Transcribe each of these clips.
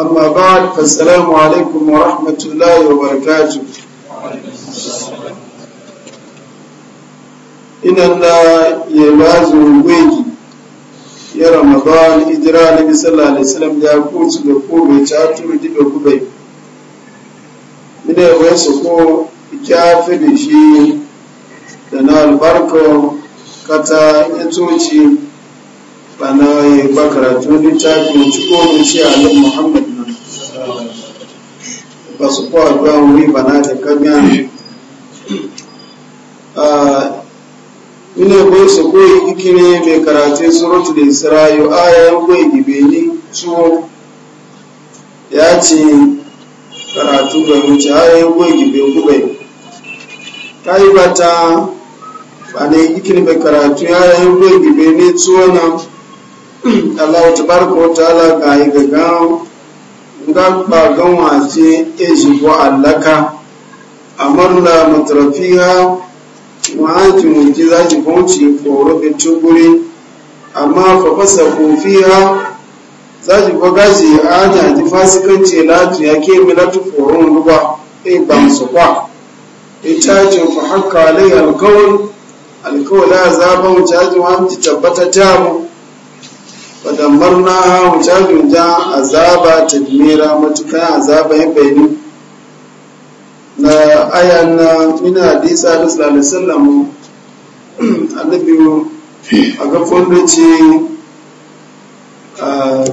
أما بعد فالسلام عليكم ورحمة الله وبركاته إن الله يباز ويجي ya ramadan hijira na sallallahu alaihi wasallam ya kuci da ko bai ta turu dibe ku bai ina wai su ko kyafi da shi da na albarka kata ya toci bana ya ba karatu littafin ci ko mun ci alim muhammad basu kwa ga wuri bana da kagan ah, ina ko su koyi ikine mai karatu surutu da isra'il aya yan koyi gibeni suwo ya ce karatu ga wuce aya yan koyi gibe gubai kai bata bana ikine mai karatu aya yan koyi gibeni suwo na Allah tabaraka wa ta'ala ga yi gaggawa gaba gan wace ya e shigo allaka amarla matrafiha ma'anci mulki za ki kwanci korofin cuguri amma fafasa fasa ha. za ki kwaga gaji a jaji fasikanci latu ya ke milatu koron ruwa e ba su kwa ita e cajin fa haka alai alkawal alkawal ya zaɓa wuce ajin wa tabbata jamu fadammarna wujajuja azaba tadmira matukan azaba ya bayani na ayan na mina hadisa da sallallahu sallam wasallam annabi a ga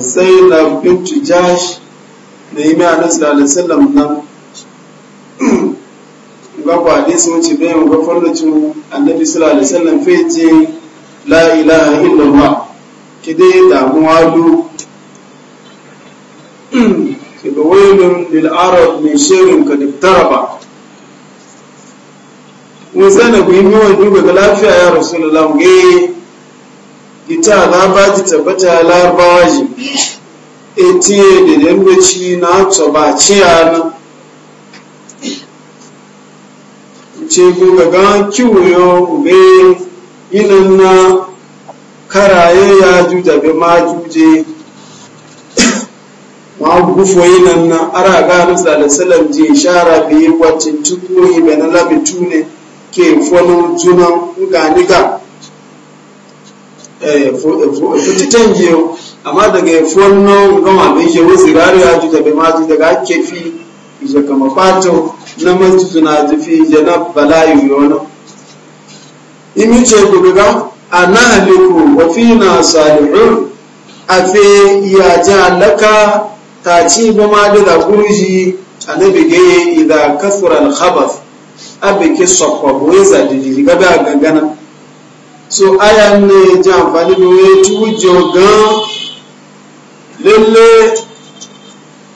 sai na bintu jash na yi mai annabi sallallahu sallam nan gaba hadisi wuce bayan ga fondacin annabi sallallahu sallam fai ce la ilaha illallah ki dai damuwa du ki ga wailun lil arab min shirin ka ba mun ku yi wani duba ga lafiya ya rasu da lamge eh, Gita na ba ji tabbata larabawa ji etiye da dambaci na tsoba ciya na ce ku ga kiwo yau ube eh, yinan na karaye ya juja be ma juje ma gufo yinan na ara ga nabi sallallahu ji ishara bi wacce tukuri be na labi tune ke fono juna ga ni eh fo eh, eh, amma daga fono ga ma ke je gari ya juja be ma juje ga fi ije kama pato na ji fi je na bala'i yono imi ce ku ga a nahaliku wa fina salihun afe iya iyaje alaka ta ci goma ma da da gurji a na bige idan kasuran khabaf a bike sokwa boye za jijiji gaba a gangana so aya ne ji amfani da wani tujo gan lalle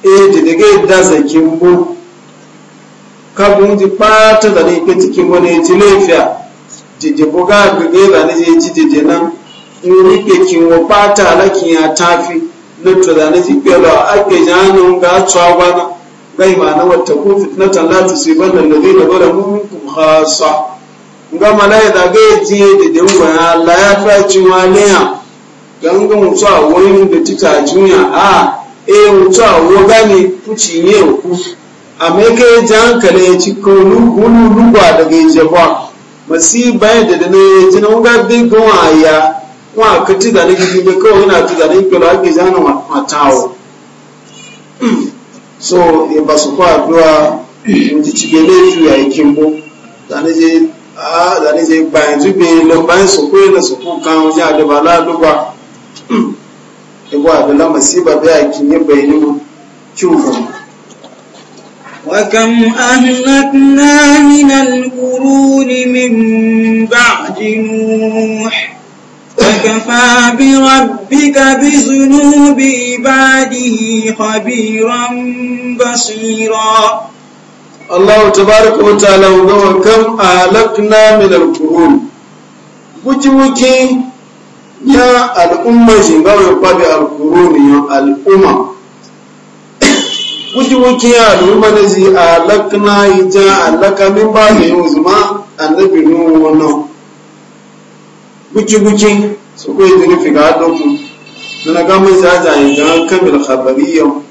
e jidage da zakin bu kabin ji ɓata da ne ke cikin wani ci laifiya jeje boga agbègbè lànà jẹ ti jeje náà irun pé kí wọn pátá alákìyàn àtàfi lótò lànà ga tó awa náà báyìí màá náà wọ́n tẹ̀kún fìtínátà láti si bá lọ lórí ìlọ́gbọ́ rẹ̀ mú ha sa nga malaya da ga ti dede ngwa ya la ya fa ji wa le ya ganga mu yin da tita junya a e mu so awo ku ci ko lu daga masiba yadda da ne tina wuga bin gawa ya wa ka ti da ne bi be ko ina ti da ne ko la matawo so ya ba su kwa duwa ndi ti gele ju ya ikimbo da ne je a da ne je ba ju be lo ba so ko ina so ko kan ja da ba la do ba e ba da la masiba be ya kinye bayinu وكم أهلكنا من القرون من بعد نوح وكفى بربك بذنوب عباده خبيرا بصيرا الله تبارك وتعالى وكم أهلكنا من القرون وجوكي يا الأمة زنبابي القرون يا الأمة wuki wuki ya al'umma da ji a lakna yi ja a lakamin ba ne yin zuma annabi nuhu wannan wuki wuki su kuwa yi nufi ga haɗoku na na gama yi ga kamil yau.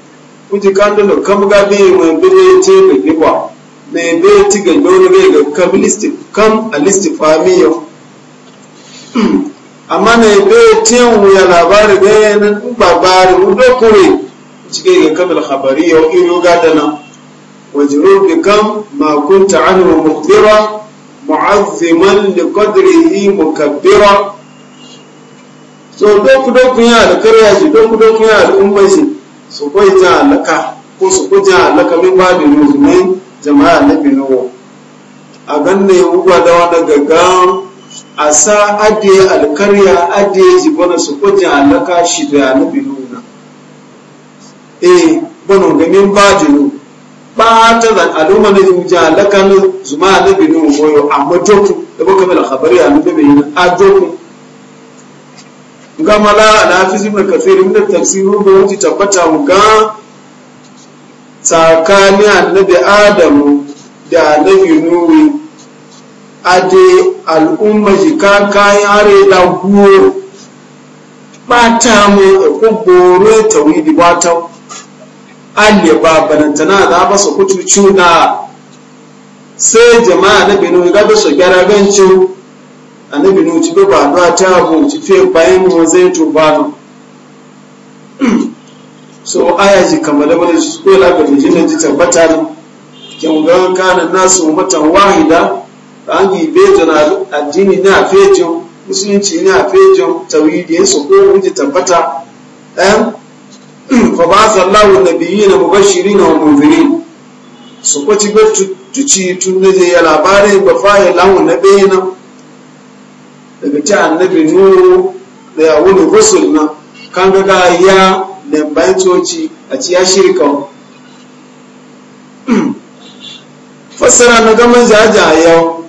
wuki kando da kam ga bai mai bire ce da giba mai bai ti ga dole bai ga kam alistifamiyan amma mai bai tiyan wuya labari ga yanar babari wudo kure cike ga kabal khabari da nan gadana wajru bikam ma kunta anhu mukhbira mu'azziman li qadrihi mukabbira so doku doku ya alkarya shi doku doku ya al'umma shi su kai ta alaka ko su kai ta alaka min ba da musulmai jama'a na binawo a ganin ya wuwa da wani gaggawa a sa adiye alkarya adiye shi su kai ta alaka shi da na binawo E, eh, bono ga min bajinu ba ta zan aluma na zuja lakan zuma bi binu boyo amma joku da baka mala khabari a nuna bai a joku gama la ala hafiz kafin kathir min tafsiru da wuti tabbata mu ga tsakanin annabi adamu da annabi nuhu je al'umma jika kayan are da guwo ba ta mu ko boro tawidi ba ta alle ba balantana da ba su kutu cuna sai jama'a na binu ga ba su gyara a na binu ci ba ba ta abu ci fe bayan mu zai to ba no so aya ji kamar da wani su ko da ji tabbata ne kin ga kana nasu matan wahida an yi beto na addini ne a musulunci ne a fejin tawhidi su ko wuce tabbata fa ba sa lawo da biyi na mubashiri na munziri su kwaci ba tuci tun da ya labarin ba faye lawo na bayina daga ci annabi nuhu da ya wuni rusul na kan gaga ya da bayan coci a ci ya shirka fassara na gaman jajayen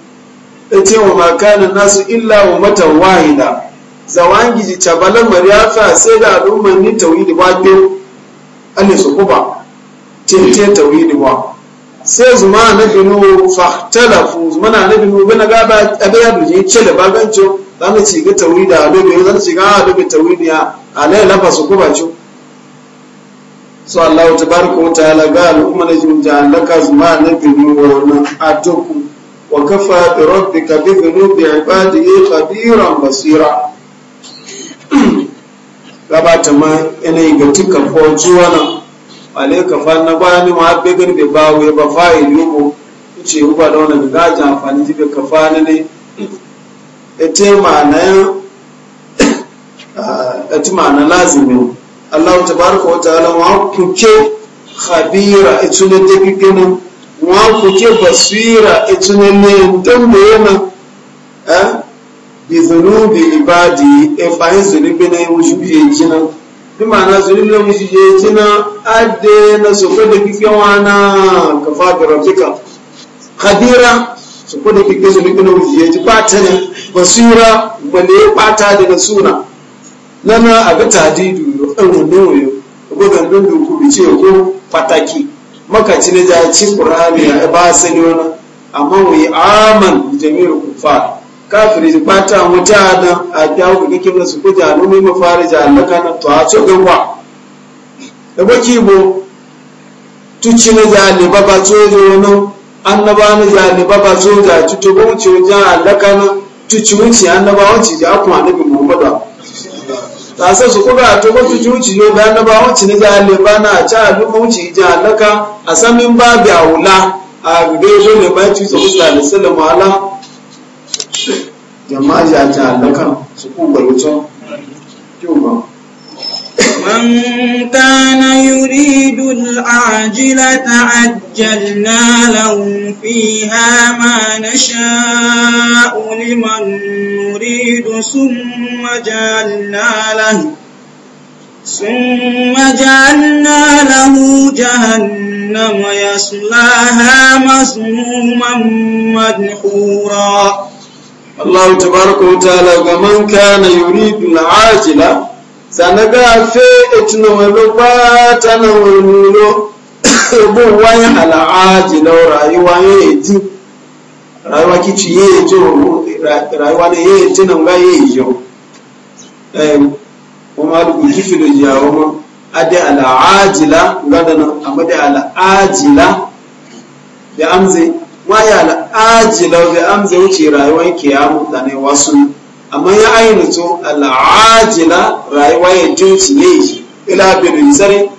ya ce wa makanin nasu illa wa matan wahida zawangi ji cabalan mariyata sai da al'ummar ni tawhidi ba biyu ale su kuba tete tawhidi ba sai zuma na finu fahtalafu zuma na na finu bana gaba abiya duje bagancin za zan ci ga tawhidi a za zan ci ga lobe tawhidi a ale lafa su kuba cho so Allah tabaraka wa ta'ala ga al'ummar na jin jalaka zuma na binu wani atoku wa kafa bi rabbika bi dhunubi ibadihi khabiran basira gabata ma yanayi ga tuka ko juwana wale ka fa na ba ni ma be gani be ba we ba fa yi yugo ce u ba da wannan ga ja amfani ji be kafa fa ne Ita ete ma na ah, ete ma na lazimi Allah tabaraka wa ta'ala wa kuke khabira itune e de kikena wa kuke basira itune e ne dan da yana eh bizunubi ibadi e fayin zunubi na yau shi biye kina bi ma'ana zunubi na mushi je kina adde na soko da kike wana ka fa bi rabbika khadira soko da kike zunubi na mushi je ki fata ne basira bale fata da nasuna nana aga tadidu yo ɗan wannan yo ko gandun da ku bice ko pataki makaci ne da ci qur'ani ya ba sani wannan amma wai aman jami'ul kufar kafiri bata wata da a dawo ga kike su kuja no mai mafarija Allah kana to a so wa da baki bo tuci na jali baba to je wono annaba na jali baba to da tuto go ci wajen Allah kana tuci wuci annaba wuci da kuma annabi Muhammadu ta sa su kuga to go tuci wuci yo da annaba wuci na jali bana a duk a ja Allah ka asamin biya wula a gbe zo ne ba ci sallallahu alaihi wasallam jama ji a su kuka wucin من كان يريد العاجلة عجلنا له فيها ما نشاء لمن نريد ثم جعلنا له ثم جعلنا له جهنم يصلاها مسموما مدحورا Allah tabaraka ta ta'ala ga man kana yuridu al-ajila sanaga fe etuna welo ba tana welo bo wayan al-ajila rayuwa yeji rayuwa kici yeji rayuwa ne yeji nan ga yeji eh kuma da kici da jawo waya al'ajila da amza wuce rayuwar ya da ne wasu amma ya ainihin na rayuwar ya jinci ne yi ila birin zare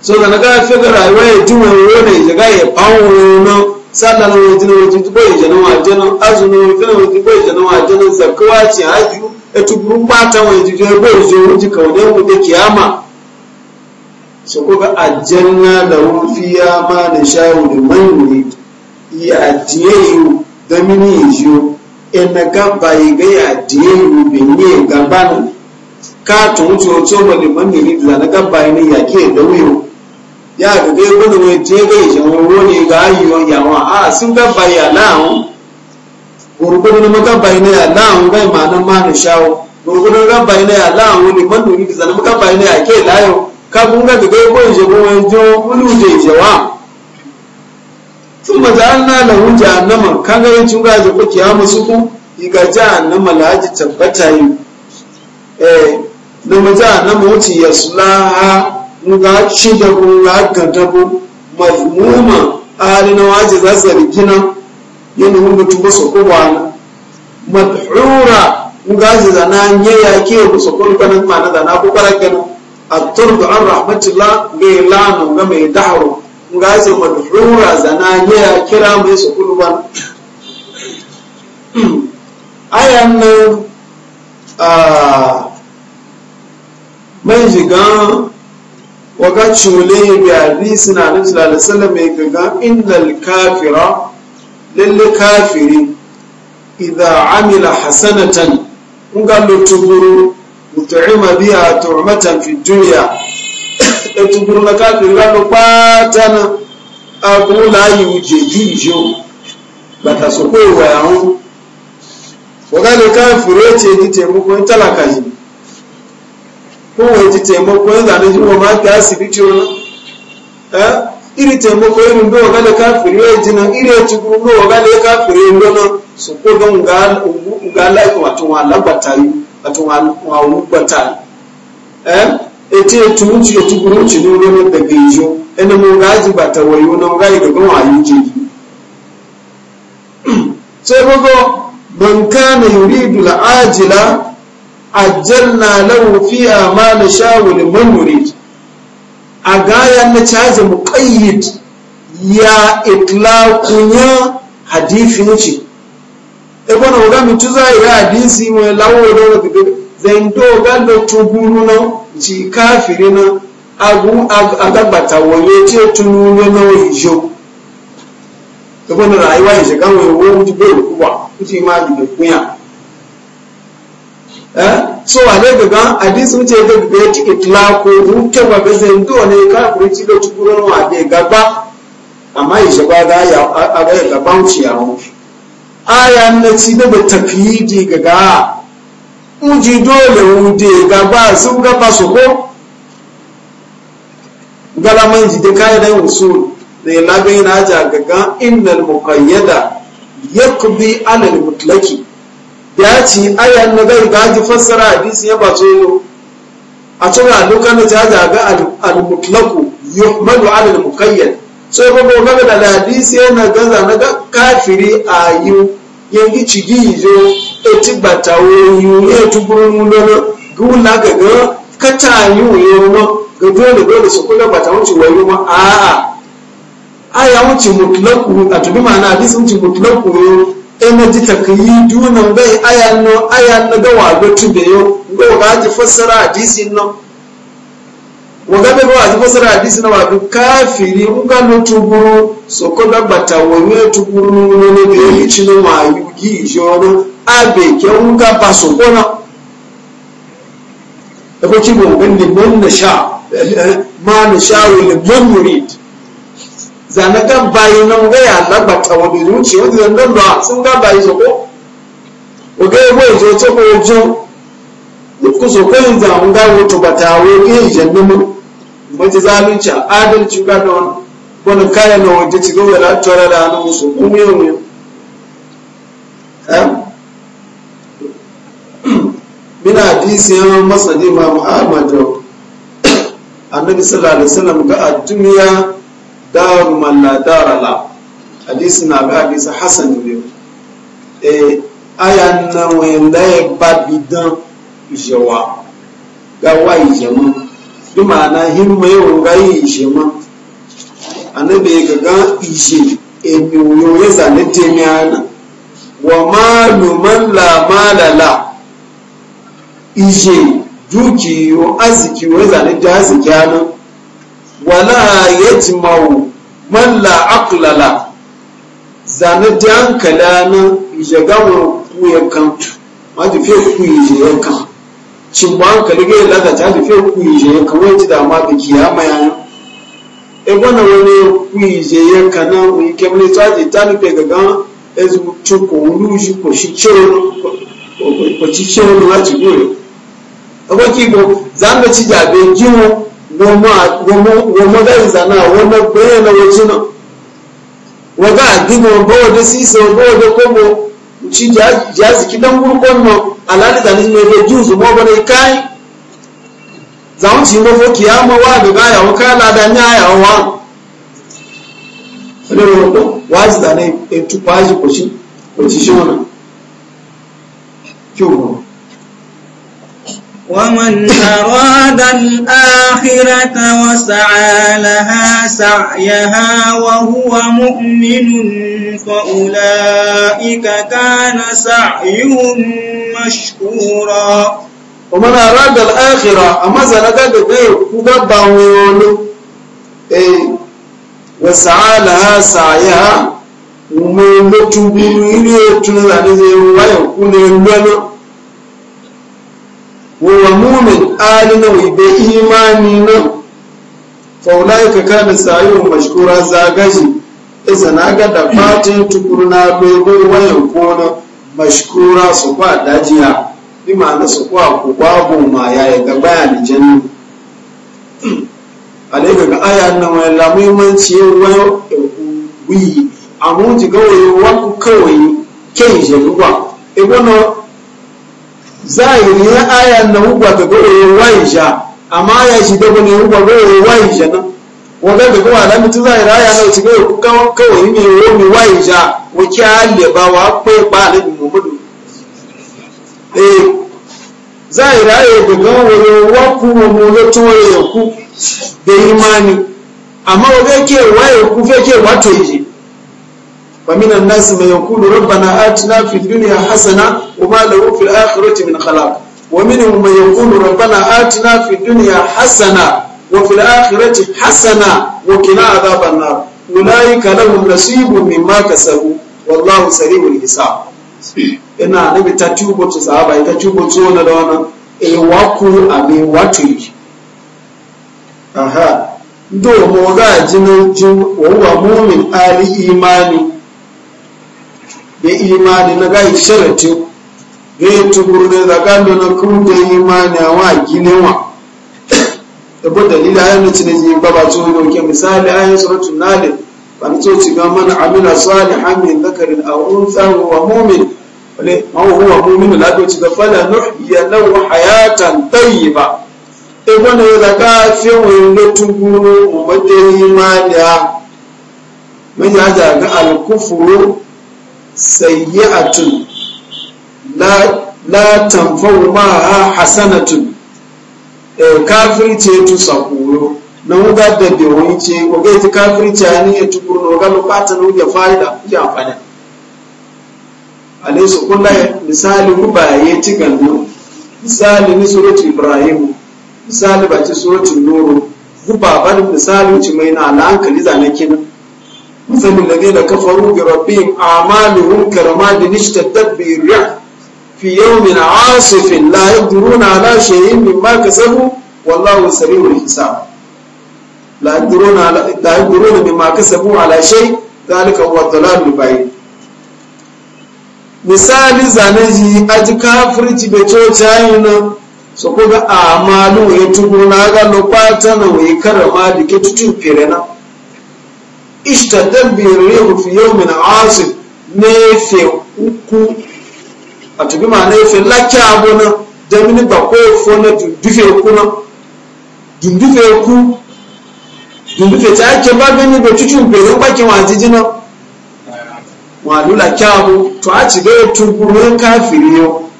so da na ga fi da rayuwar ya ji mai wani ya ga ya bawo wani sallar wajen wajen ko ya jana azumi jana wajen zakawa ce haju ya da kiyama su kuka aljanna da ya ma da shayu da manu ya ajiye yi da mini ya jiyo ina gaba yi ga ya ajiye yi benye gaba na ka tun ci oto ba da manu da na gaba yi ne ya ke da wuyo ya ga ga yi wani wani je ga yi jawon roni ga ayyuan yawon a sun gaba yi a gurgudu na maka yi ne a lahun gai ma na ma manu shawo na gaba yi ne a lahun wani manu da na maka yi ne a ke layo kabunga daga yabo ìṣẹ̀gun ẹjọ́ olùdè ìṣẹ̀wà tún mata an na lahu kan kaga yin cin gaji ko kiyama ga ja iga jahannama laji tabbata yi eh da mata annama wuce ya sulaha nga ci da bu nga ganta bu mazmuma halin na waje za su rigina yana mun mutu ba su kowa na madhura nga ji zana nye ya ke bu su kun kanan ma na zana ko karakkanu atturdu an rahmatillah bai lanu ga mai daharu ga su madhura zana ya kira mai su kulba ayan a mai jiga waga chule ya ri suna nabi sallallahu alaihi wasallam mai ga innal kafira lil kafiri idha amila hasanatan ga lutuburu mutu'ima biha tu'matan fi dunya etuburu na kafiri lalo patana akula yuje yijo batasoko ewa yahun wakale kafiri ece ti taimakon talaka ji kowa ti taimakon zane ji wa maki asibiti wani eh, iri taimako irin da wakale kafiri ya ji nan iri ya ci guru wakale kafiri ya ndona su ko don ga laifin wato wa lagbata yi àti wọn àwọn pẹ̀tà etí ètò ń tiẹ̀ tó burú jù ní olórí gbẹ̀gbẹ̀ ìjọ ẹni mo ga jì bàtà wọ̀nyí ọ̀nà ọ̀gá ìgbẹ̀gbẹ̀ wọn àyè jì ne ṣé gbogbo bọ̀nkánì rí ìdùlà ájìlá àjẹ́nà lẹ́wọ̀n fi àmà lè ṣáwòlè mọ́nùrì àgáyà na caji muƙayyid ya itlaƙunya hadifin ce ebona oga tuzo ya hadisi mo lawo do do zendo ga do tuburu no ji kafiri na agu agagbata wole ti etunu ni no ijo ebona rayuwa ise kan we wo ti be wa ti ma bi de kuya eh so ale ga ga hadisi ti ga be ti ko mu ke ba be zendo ne kafiri ti do tuburu no ade gagba ama ise ba ga ya aga bounce ya awon ayan na ci da ba tafiyi ga gaga uji dole wude ga ba su ga ba su ko galaman ji da kayan da usul da ya labe na ja gaga innal muqayyada yakbi ala al mutlaqi ya ci ayan na ga ga ji fassara hadisi ya ba to a tura dukkan da ja ga al mutlaqu yuhmalu ala al so gbogbo gaga da hadisi yana gaza na ga kafiri a yi yanki cigi yizo eti gbata oyu etu buru mulo na gula gaga kata yi wuyo na ga dole dole su kula bata wuce wayo ma a'a aya wuce mutlaku a tubi ma'ana hadisi wuce mutlaku yo ina ji takayi na bai aya nọ, aya nọ ga wa ga tube yo ga ga ji fassara hadisi nọ. wagabe ko aji fasara hadisi na wadu kafiri uga no tuburu soko dagbata wonye tuburu nune be yichi no mayu abe ke uga baso bona ebo ki bo gande mon na sha ma na sha wele na uga ya dagbata wonye yuchi wodi zanda ba sun soko soko mbaji zalunci adalci ga da wani kaya na waje ci gaba da tare da hannun musu kuma yau ne eh? min hadisi ya masani ma muhammad annabi sallallahu alaihi wasallam ga ad-dunya daru man la dara la hadisi na ga hadisi hasan ne eh ayan na wa la babidan jawa ga wa jamaa bi ma'ana hirma yawan gayi ishe ma da ya gaga ishe emiyoyo ya zane temiyana wa maluman la malala ishe dukiyo arziki ya zane ta arziki ana wala ya ji mawu man la aklala zane ta hankala na ishe gawar kuyakan ma fiye kuyi ishe yankan cimma kaliga yin lada ta tafiya kuyije ya kawai ci da ma da kiyama yayin ebona wani kuyije ya kana yi kemle tsaji ta nufe gaga ezu cuko wulu shi ko shi cewa ko ci cewa na ci goyo akwai kibo za mu ci jabe gino goma da zana wani bayyana wajen nan waga gino bawa da sisa bawa da komo ci jazi kidan gurkon no alali zani ne be juzu mo bane kai zaun ci mo fo kiyama wa ga ga wa kala da nya yawo wa ne ro wazi zani e tu paji ko ci ko ci shona kyo ومن أراد الآخرة وسعى لها سعيها وهو مؤمن فأولئك كان سعيهم مشكورا ومن أراد الآخرة أما زلدت غير كبابا ويولو وسعى لها سعيها ومن لتبين إليه تنزل ويكون لنا wa mumin Ali alina wai bai imani na faulaika kana sayo mashkura zagaji isa na ga da fatin tukurna dogon wayan kona mashkura su kwa dajiya bi ma'ana su kwa ku babu ma ya yi ga bayani jannu alaika ga aya nan wani lamuhimanci wayan wuyi a mun ji gawayi wa wai kawai kyan shekuwa ibono zahiri ya aya na hukwa ta gore waisha amma ya shi dago ne hukwa gore waisha na wanda da kuma alamu ta zahiri aya na wuce kawai ne romi waisha wake halle ba wa kwai ba alabi muhammadu eh zahiri aya da gan wani waku mu ya tuwaye ku da imani amma wanda ke waye ku ke wato yi ومن الناس من يقول ربنا آتنا في الدنيا حسنة وما له في الآخرة من خلاق ومنهم من يقول ربنا آتنا في الدنيا حسنة وفي الآخرة حسنة وكنا عذاب النار أولئك لهم نصيب مما كسبوا والله سريع الحساب ina nabi ta tubo ta sahaba ita tubo ta wani da wani e waku abi watiri aha do mo ga jinin jin wa mu'min ali imani ya imani na gai sharatu ne yi tuburu ne zagando na kuma imani a wa ginewa da bu dalila ya nuci ne ji baba to ne ke misali ayin suratul nahl ban to ci ga man amila salihan min dhakarin aw untha wa mu'min wale ma huwa mu'min la to ci ga fala nuhyiya lahu hayatan tayyiba e wona ya zaka fi wani da tuburu mu bade imani a mai ya ga al sayyi'atun la la tanfau ma hasanatun e kafirce tu sakuro na uga da da wance ko ga ta kafirce ani ya tukuru no ga lokata no ya fa'ida ya faida alaysa kullahi misali ya ci gando misali ni surati ibrahim misali ba ci surati nuru guba ba misali ci mai na hankali zane kinan مثل الذين كفروا بربهم أعمالهم كرماد اشتدت به الريح في يوم عاصف لا يقدرون على شيء مما كسبوا والله سريع الحساب لا يقدرون على لا يقدرون مما كسبوا على شيء ذلك هو الضلال البعيد misali zaneji aji kafirci da cocayi na su kuga amalu ya tugu na ga lokata na wai karama da ke tutu fere na ishtadab bihi rihu fi yawmin asif nefe uku atubi ma nefe lakya abona damini bako na dundufe kuna dundufe ku dundufe ta ake ba gani ba cucu bere bakin wajiji na walu lakya abu to a ci gaya tukurin kafiri yau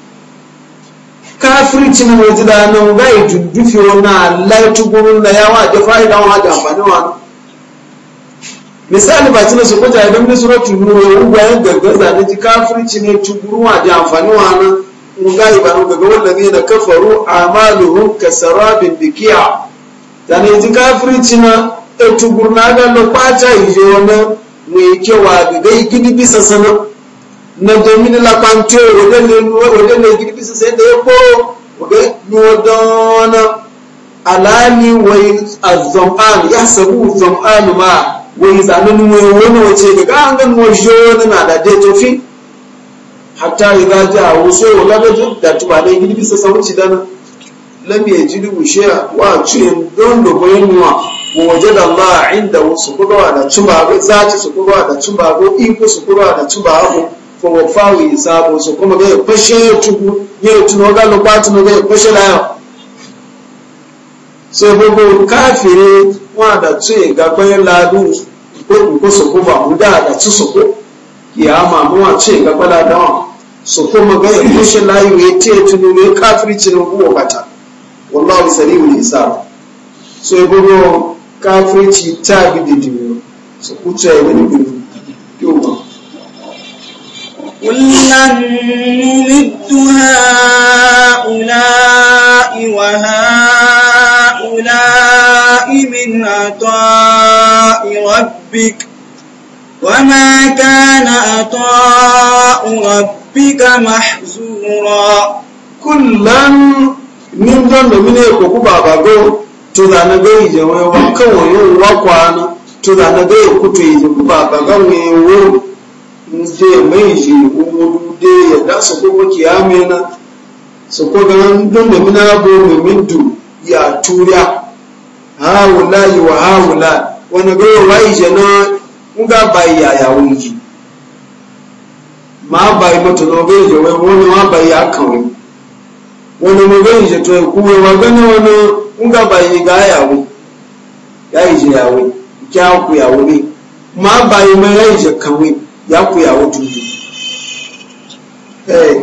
kafirci na wajen da nan gai dundufe wani alaitukurin na yawa da fa'ida wa da amfani wani misali ba cina su kuta idan ni sura tunu ya uba ya gaggaza da ji kafirci ne tuguruwa da amfani wa nan mun gayi ba mun gaga wallazi na kafaru amaluhum kasarabin bikiya da ne ji kafirci na e tugurna ga lo kwata yiyo na mu yake wa ga gai gidi bisa sana na domin la kwantoro da ne wajen ne gidi bisa sai da ya ko ga ni wadona alani wai azam'an ya sabu zam'an ma wai zanen wani wace ga ga an wajo wani na da dai tofi hatta idza jaa wusu wala da da tuba dai gidi bisa sauci dan lam jini wushira wa chuyen don do boyinwa wa ma Allah inda su kuwa da tuba za ci su kuwa da tuba go iko su kuwa da tuba go ko wa yi sabo su kuma ga fashe tuku ne tuno ga lokacin ga fashe layan so gbogbo káfìrí wọn àdàtú ìgbàgbọ́ ládùn gbogbo sòkó wà mú dá àdàtú sòkó kì á máa mú àtú ìgbàgbọ́ ládùn sòkó mọ̀gá ìlú ṣe láyé wèé tí ètò ìlú káfìrí tinubu wọ̀ bàtà wọn lọ́wọ́ ìsẹ̀lẹ̀ ìwé ìsára so gbogbo káfìrí ti táàbì dìdì wọn sòkó tó ẹ̀wẹ̀ níbi yóò mọ̀. قلنا نمد هؤلاء وهؤلاء هؤلاء من عطاء ربك وما كان عطاء ربك محزورا كلا من ظن من يكوكو باباغو tuzanagai je wewa kawoyo wakwana tuzanagai kutuije kubabaga wewo nze maiji umudude yadda sokoko kiyamena sokoga ndonde minabo memintu ya ha wula yi wa wula wani gawo wai jana nga bai ya ya wunji Maa bai mata no bai je wani ma bai ya kawai wani mu bai je to ku gani wani nga bai ga ya wu ya yi je ya wu kya ku ya wu ne ya ya ku ya tuju eh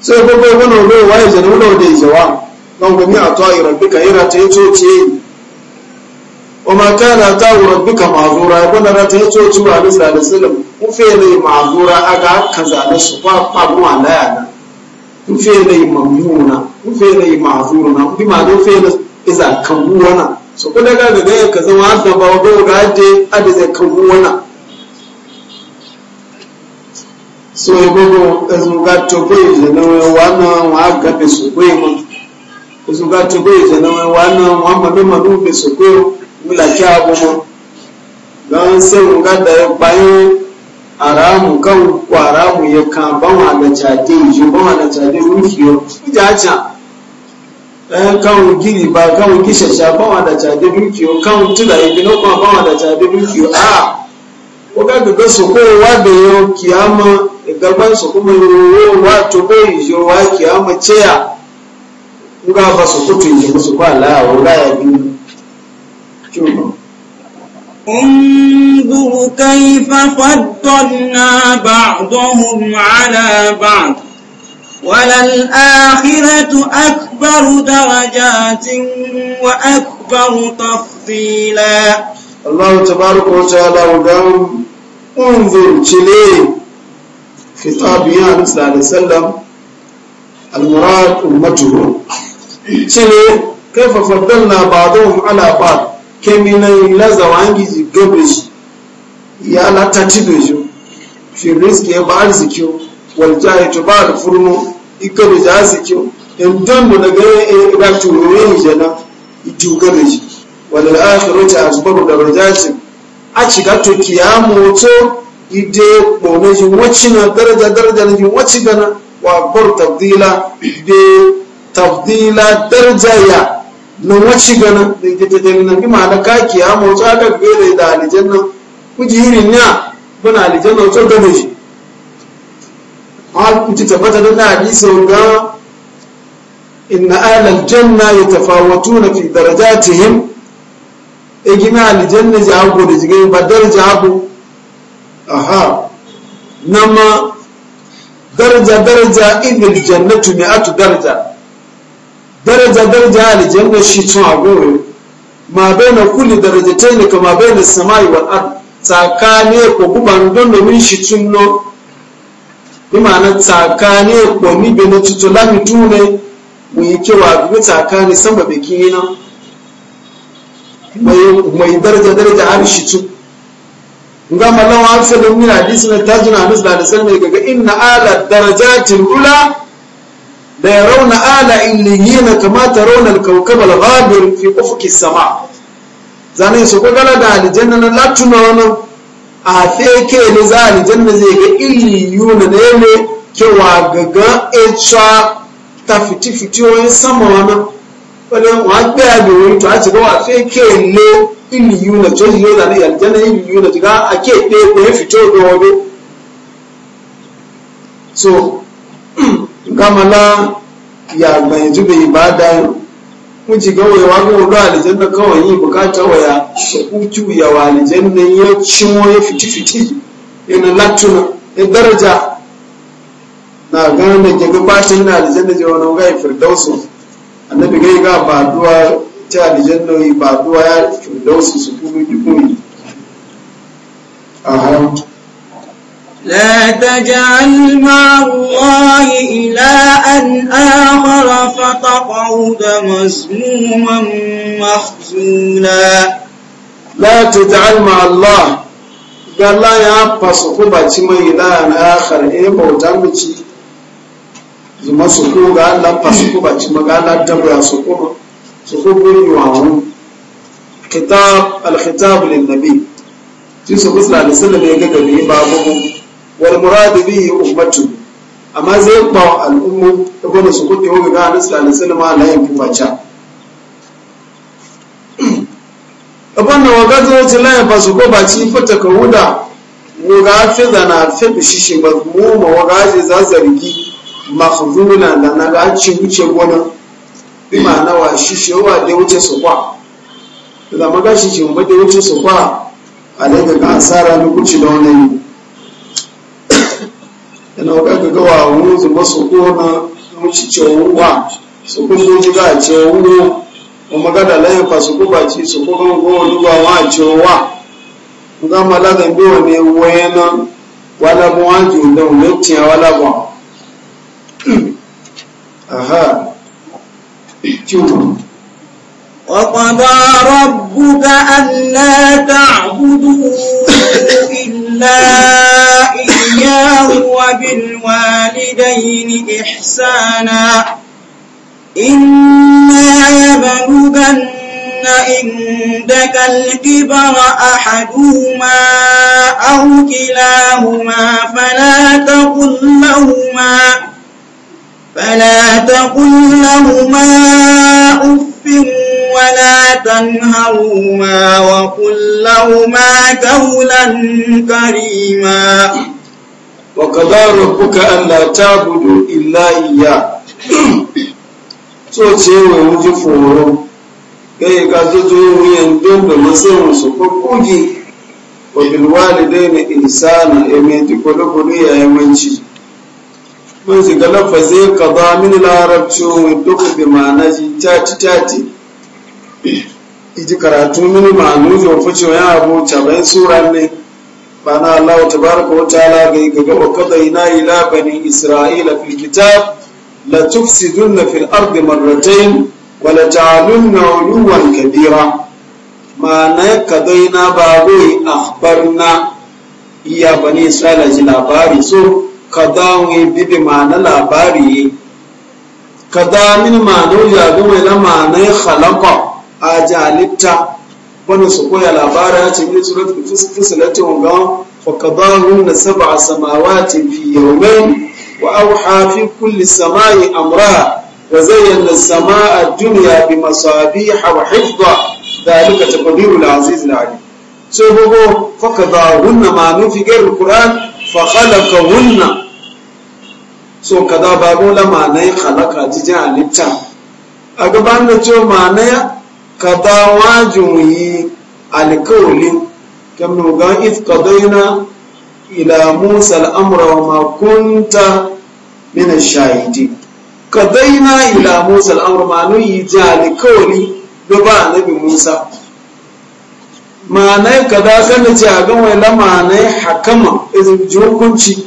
so gbogbo wani don gumi a to rabbika ira ta yi coci yi wa ma na ta yi rabbika Ya kuna na ta yi tsoce ba alaihi sallallahu alaihi wasallam ku fe ne mazura aga kaza na su ba ba mu alaya na ku fe ne mamnuna ku fe ne mazuruna na kuma da kufe ne iza kan wana so kuna daga ga ga kaza wa da ba go ga je zai kan wana so ya gogo ezuga to ko ile na wa na wa ga be su ko kusuka tuko wani wana wamma manu be sokoro mula kyabo abubu. gan se ngada yo bayo aramu kan kwaramu ya kan ban da cade ji ban da cade rufiyo jaja eh kan gini ba kan kishasha ban da cade rufiyo kan tula ibino kan ban wada cade rufiyo a ko ga ga soko wa be yo kiyama ga ban soko mo yo wa to be wa kiyama ceya nga ba su kutu inji musu ba lawa wula ya biyu انظر كيف فضلنا بعضهم على بعض وللآخرة أكبر درجات وأكبر تفضيلا الله تبارك وتعالى وقام انظر تلي خطاب يا صلى الله عليه وسلم المراد أمته cile na faddalna ba'dhum ala ba'd na lazawangi gabe shi ya latati da shi fi riski ya ba arziki wal jahitu ba al furmu ikabe ja arziki in dondo daga ya ga e, turuwe jana itu gabe shi wal akhirati asbaru darajatin a ci ga to kiyamu to ide kpone shi wacce na daraja daraja na shi wacce gana wa bar tabdila be tafdila darjaya na wace ganin da ke ta dalilin bi ma da kaki ya motsa aka gare da alijan nan kuji irin ya bana alijan nan tsar da shi ma kuji tabbata da hadisi wanda inna ahlal janna yatafawatuna fi darajatihim e gina ji hagu da jigai ba daraja hago aha nama daraja daraja inil jannatu mi'atu daraja daraja daraja aljanna shi tun agogo ma baina kulli darajatayn kama baina samai wal ard tsakane ko kuban don domin shi tun no bi ma'ana tsakane ko ni be na la mi tune mu yi kewa bi tsakane sama be na. mai daraja daraja arshi tun nga Allah fi da mina hadisi na tajina hadis da hadisi ne gaga inna ala darajatil ula da ya rauna ala illiyina kama ta rauna alkaukab alghabir fi ufqi sama zanen su ko gala da aljanna na latuna wani a feke ne za aljanna zai ga illiyuna ne ne kewa gaga echa ta fiti fiti wani sama wani wani wa gbe bewe to a ti gawa feke ne illiyuna to yi yana ne aljanna illiyuna to a ake ɗaya ɗaya fito ga wani so gamala ya gbanzu bai ba da wuce ga wayewa ga alijan na kawai yi bukata waya su kuku ya wa na ya cimo ya fiti-fiti yana latuna ya daraja na gane da ke na alijan na je wani gai firdausu annabi gai ga baduwa duwa ta na yi ba ya firdausu su kuku a haramta لا ta مع الله إلها آخر فتقعد مسموما مخزولا لا تجعل مع الله قال لا يا فسقوا باتي ما إلها آخر إيه بوتا متي zuma su ko ga Allah fa su ko baci magana dabra su ko su ko guri wawo kitab al-khitab lin nabi Yusuf sallallahu alaihi wasallam ya ga babu wal muradu bihi ummatu amma zai ba al'ummu da kuma su kuke wuga ga annabi sallallahu alaihi wasallam la yin faca abun da zai ci la ba su goba ci fata ka huda waga fi zana fi bishishi mazmuma waga ji za zargi mahzuna da na ga ci wuce gona bi ma'ana wa shishe wa da wuce su kwa da magashi ce mu da wuce su kwa a daga asara lokaci da wani yana wa kaga gawa wani zuma su gona muci ce wa su kun doji ga ce wani kuma gada layin fa su kuba ci su ko ni go duba wa ce wa ga mala ga bi wani wayana wala mu an aha إلا إياه وبالوالدين إحسانا إما يبلغن عندك الكبر أحدهما أو كلاهما فلا تقل لهما فلا تقل لهما أف ولا تنهرهما وقل لهما قولا كريما وقضى ربك ألا تعبدوا إلا إياه tó tí ó wẹ̀ ojú fòòrò gẹ́gẹ́ ká tó tó ń yẹ ń tó ń bẹ̀rẹ̀ sẹ́wọ̀n sọ̀kọ́ kúgì òbílúwàlì lẹ́nu ìsáàlì ẹ̀mí ìdíkọlọ́kọlọ́ ìyá ẹ̀mẹ́jì mun shiga lafazin kaza larabci duk duka manaji ma'ana iji karatu mini ma'anu jo fuce ya abu cabayin suran ne bana Allah tabaraka wa ta'ala ga gaga wa qadaina ila bani isra'ila fil kitab la tufsiduna fil ardi marratayn wa la ta'alunna 'uluwan kabira ma'ana qadaina ba goyi akhbarna iya bani isra'ila ji labari so kadawi bibi ma'ana labari kada min ma'anu ya bi mai la ma'ana khalaqa a ji halitta wani su koya labarin ya cikin surat fusilatin gan fakadahu na saba samawatin fi yawmain wa auha fi kulli samai amra wa zayyana samaa dunya bi masabiha wa hifdha dhalika taqdirul aziz alim so gogo fakadahunna ma nufi ghayr alquran fa khalaqahunna so kada babu la ma nay khalaqa jijan a gaban da cewa ma kada wajin yi alkawalin kamar gan ifkadaina ila musa al'amura wa makunta mina shahidi kadaina ila musa al'amura ma nu yi ji alkawali da ba annabi musa ma'anai kada sanda ce a gan waila ma'anai hakama izin ji hukunci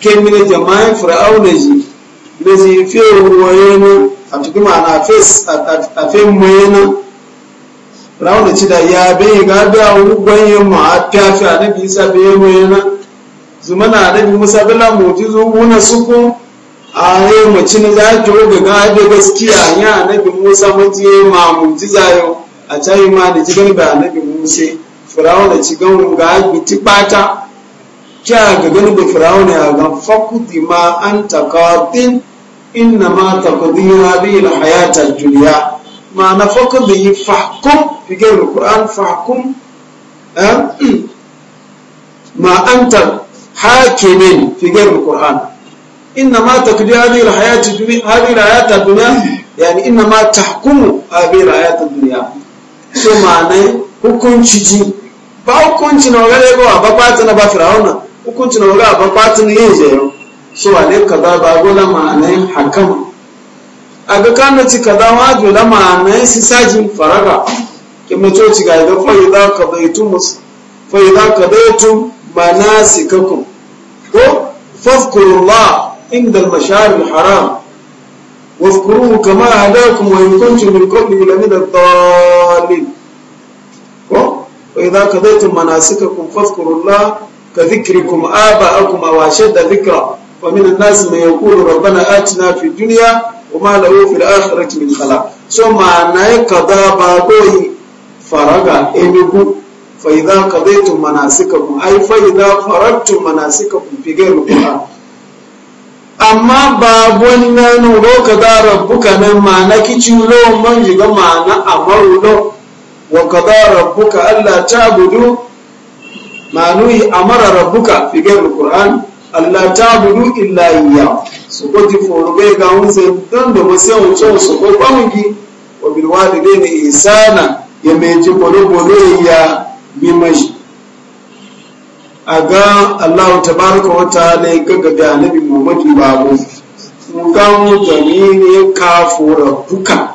kemina jama'in fir'auna ji da ji fiye ruwa yana a cikin ma'ana a fe mayana rauni ci da ya bai ga da wugon yin ma a a isa bai yi mai na zuma na nabi musa bala moti zo wuna suku a yi mace na za ki wuga ga da gaskiya ya nabi musa mace ma za yau. a yi ma da cikin da nabi musa firawuna ci gan ga biti bata kya ga gani da firawuna ya ga fakudi ma an takardin inna ma takardin rabi hayatar duniya ma'ana fakun bihi fahkum fi ghairi alquran fahkum eh? ma anta hakimin fi ghairi alquran إنما تقضي هذه الحياة الدنيا هذه الحياة الدنيا يعني إنما تحكم هذه الحياة الدنيا so ma'anai hukunci ji ba hukunci na wagare ba ba batin ba fir'auna hukunci na wagare ba yin jayo so ne kaza ba gona ma'anai hakama aga kana ci kaza wa jula ma'ana si sajin faraga ki mutu ci ga ga fa idza qadaytum fa idza qadaytum manasikakum ko fadhkurullah inda al-mashar al-haram واذكروه كما هداكم وإن كنتم من قبله لمن الضالين وإذا قضيتم مناسككم فاذكروا الله كذكركم آباءكم أو أشد ذكرا ومن الناس من يقول ربنا آتنا في الدنيا kuma lahu fil akhirati min khalaq so ma na kaza ba doyi faraga enugu fa idza qadaytum manasikakum ay fa idza faradtum manasikakum fi ghayri qur'an amma ba wani nanu ro kaza rabbuka nan ma na kici ro man jiga ma na amaru ro wa kaza rabbuka alla ta'budu ma nuhi amara rabbuka fi ghayri qur'an Allah ta budu illa iya su kwaji ti foro bai ga hunse don da masu yawon cewa su ko kwangi wa birwa da dai na isana ya mai ji bolo-bolo ya yi mashi a ga Allah ta baraka wata ya gaga da annabi Muhammadu babu mukan gani ne ka fura buka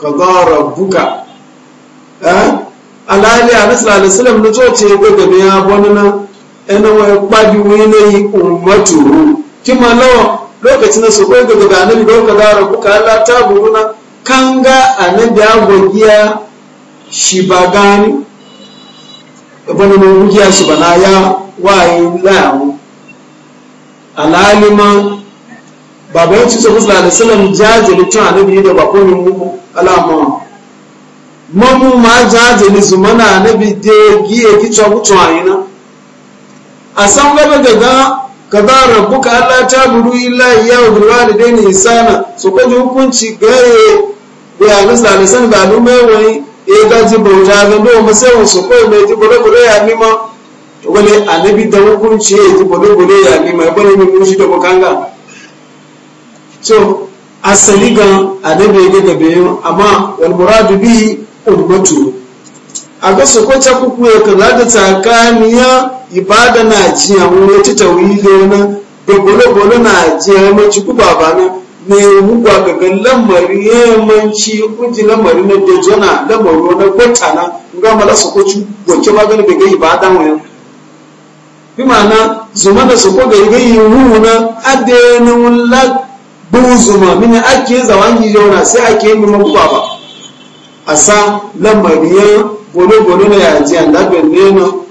ka ga rabbuka eh alali a nasarar alisalam na ya gaga da ya wani na ina wai kwaji wina yi ummatu kima lawa lokacin da su kai daga ganin da ka dara ku ka Allah ta buruna kanga annabi agogiya shi ba gani bani mun gugiya shi bana ya wayi lawo alalima baba yanci su fusla da sunan jajiri tun annabi da ba komi mu alama mamu ma jajiri su mana anabi da giye kicwa kucwa yana a san gaba daga kaza rabbuka Allah ta buru illa iyyahu bil walidayni ihsana su kwaje hukunci gaye ya nusa da san da lumai wai e daji bauta ga do mu sai mu su koyi mai gure-gure ya nima to wale annabi da hukunci ya gure-gure ya nima ya bane mun shi da bukanga so asali ga annabi ga gabe amma wal muradu bi ummatu aga su kwace kuku ya kaza da tsakaniya ibada na ajiya wani ti tawilo na dogolo-golo na jiya mace ku baba na ne hukwa gaga lamari yamanci kuji lamari na na lamari na gwata na nga mara su ko goke ba gani bege ibada wani bi na zuma da su ko ga yi hu na adenin la zuma mini ake zawan yi jauna sai ake yi mimma ku baba asa lamari ya golo-golo na yajiya labin ne na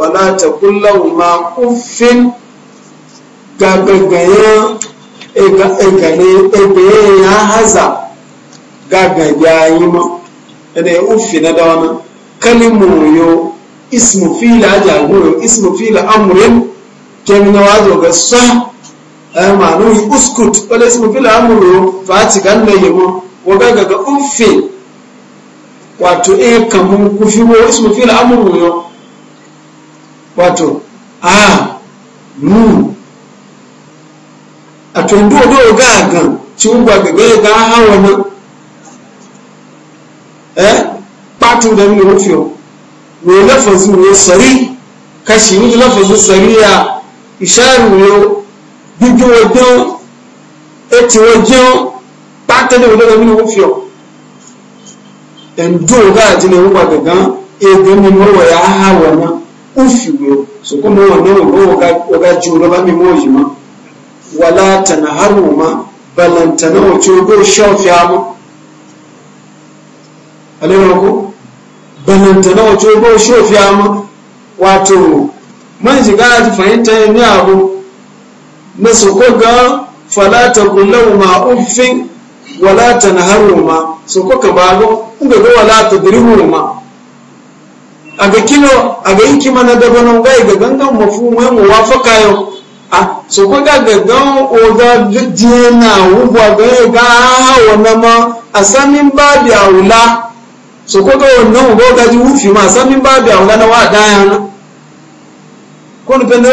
wala ta kullahu ma kufin gagagayen egane ebeyen ya haza gagagayi ma da ya uffi na dawana kalimu yo ismu fila jagoro ismu fila amurin kemina wazo ga sa eh, ma'anu yi uskut wala ismu fila amurin fati gan da yamo waga gaga uffi wato e kamun kufi wo ismu fila amurin yo wato a mu a tunduwa do ga gan tí ó gba ga àwọn náà ẹ́ pàtó dẹ́nu ló fi ọ́ wòye lẹ́fọ̀ọ́sí wòye sọ̀rí kàṣì ní lẹ́fọ̀ọ́sí sọ̀rí à ìṣàrùwò gbígbó wọn dán etí wọn jẹun pàtó dẹ́nu ló dẹ́nu ló fi ga àti ní ìwọ́n gba gẹ̀gẹ́ e gan ni wọ́n wọ̀ ya àwọn na. ufiwe so kuma wannan wannan waga juro ba mi moji ma wala tanharu ma balantana wa jogo fi amu alaiwa ko balantana wa jogo shafi amu wato man shiga ji fahimta ne abu na su ko ga falata ta kullau ma uffin wala tanharu ma su ko ka bago inda ga wala tadrihu ma aga kino aga yiki mana da bana ga ga gangan mafumu mu wafaka yau ah so ko ga gangan o da gidina wuwa ga ga wana ma asamin babi awula so ko ga wannan go ga ji wufi ma asamin babi aula na wa daya na ko ni pende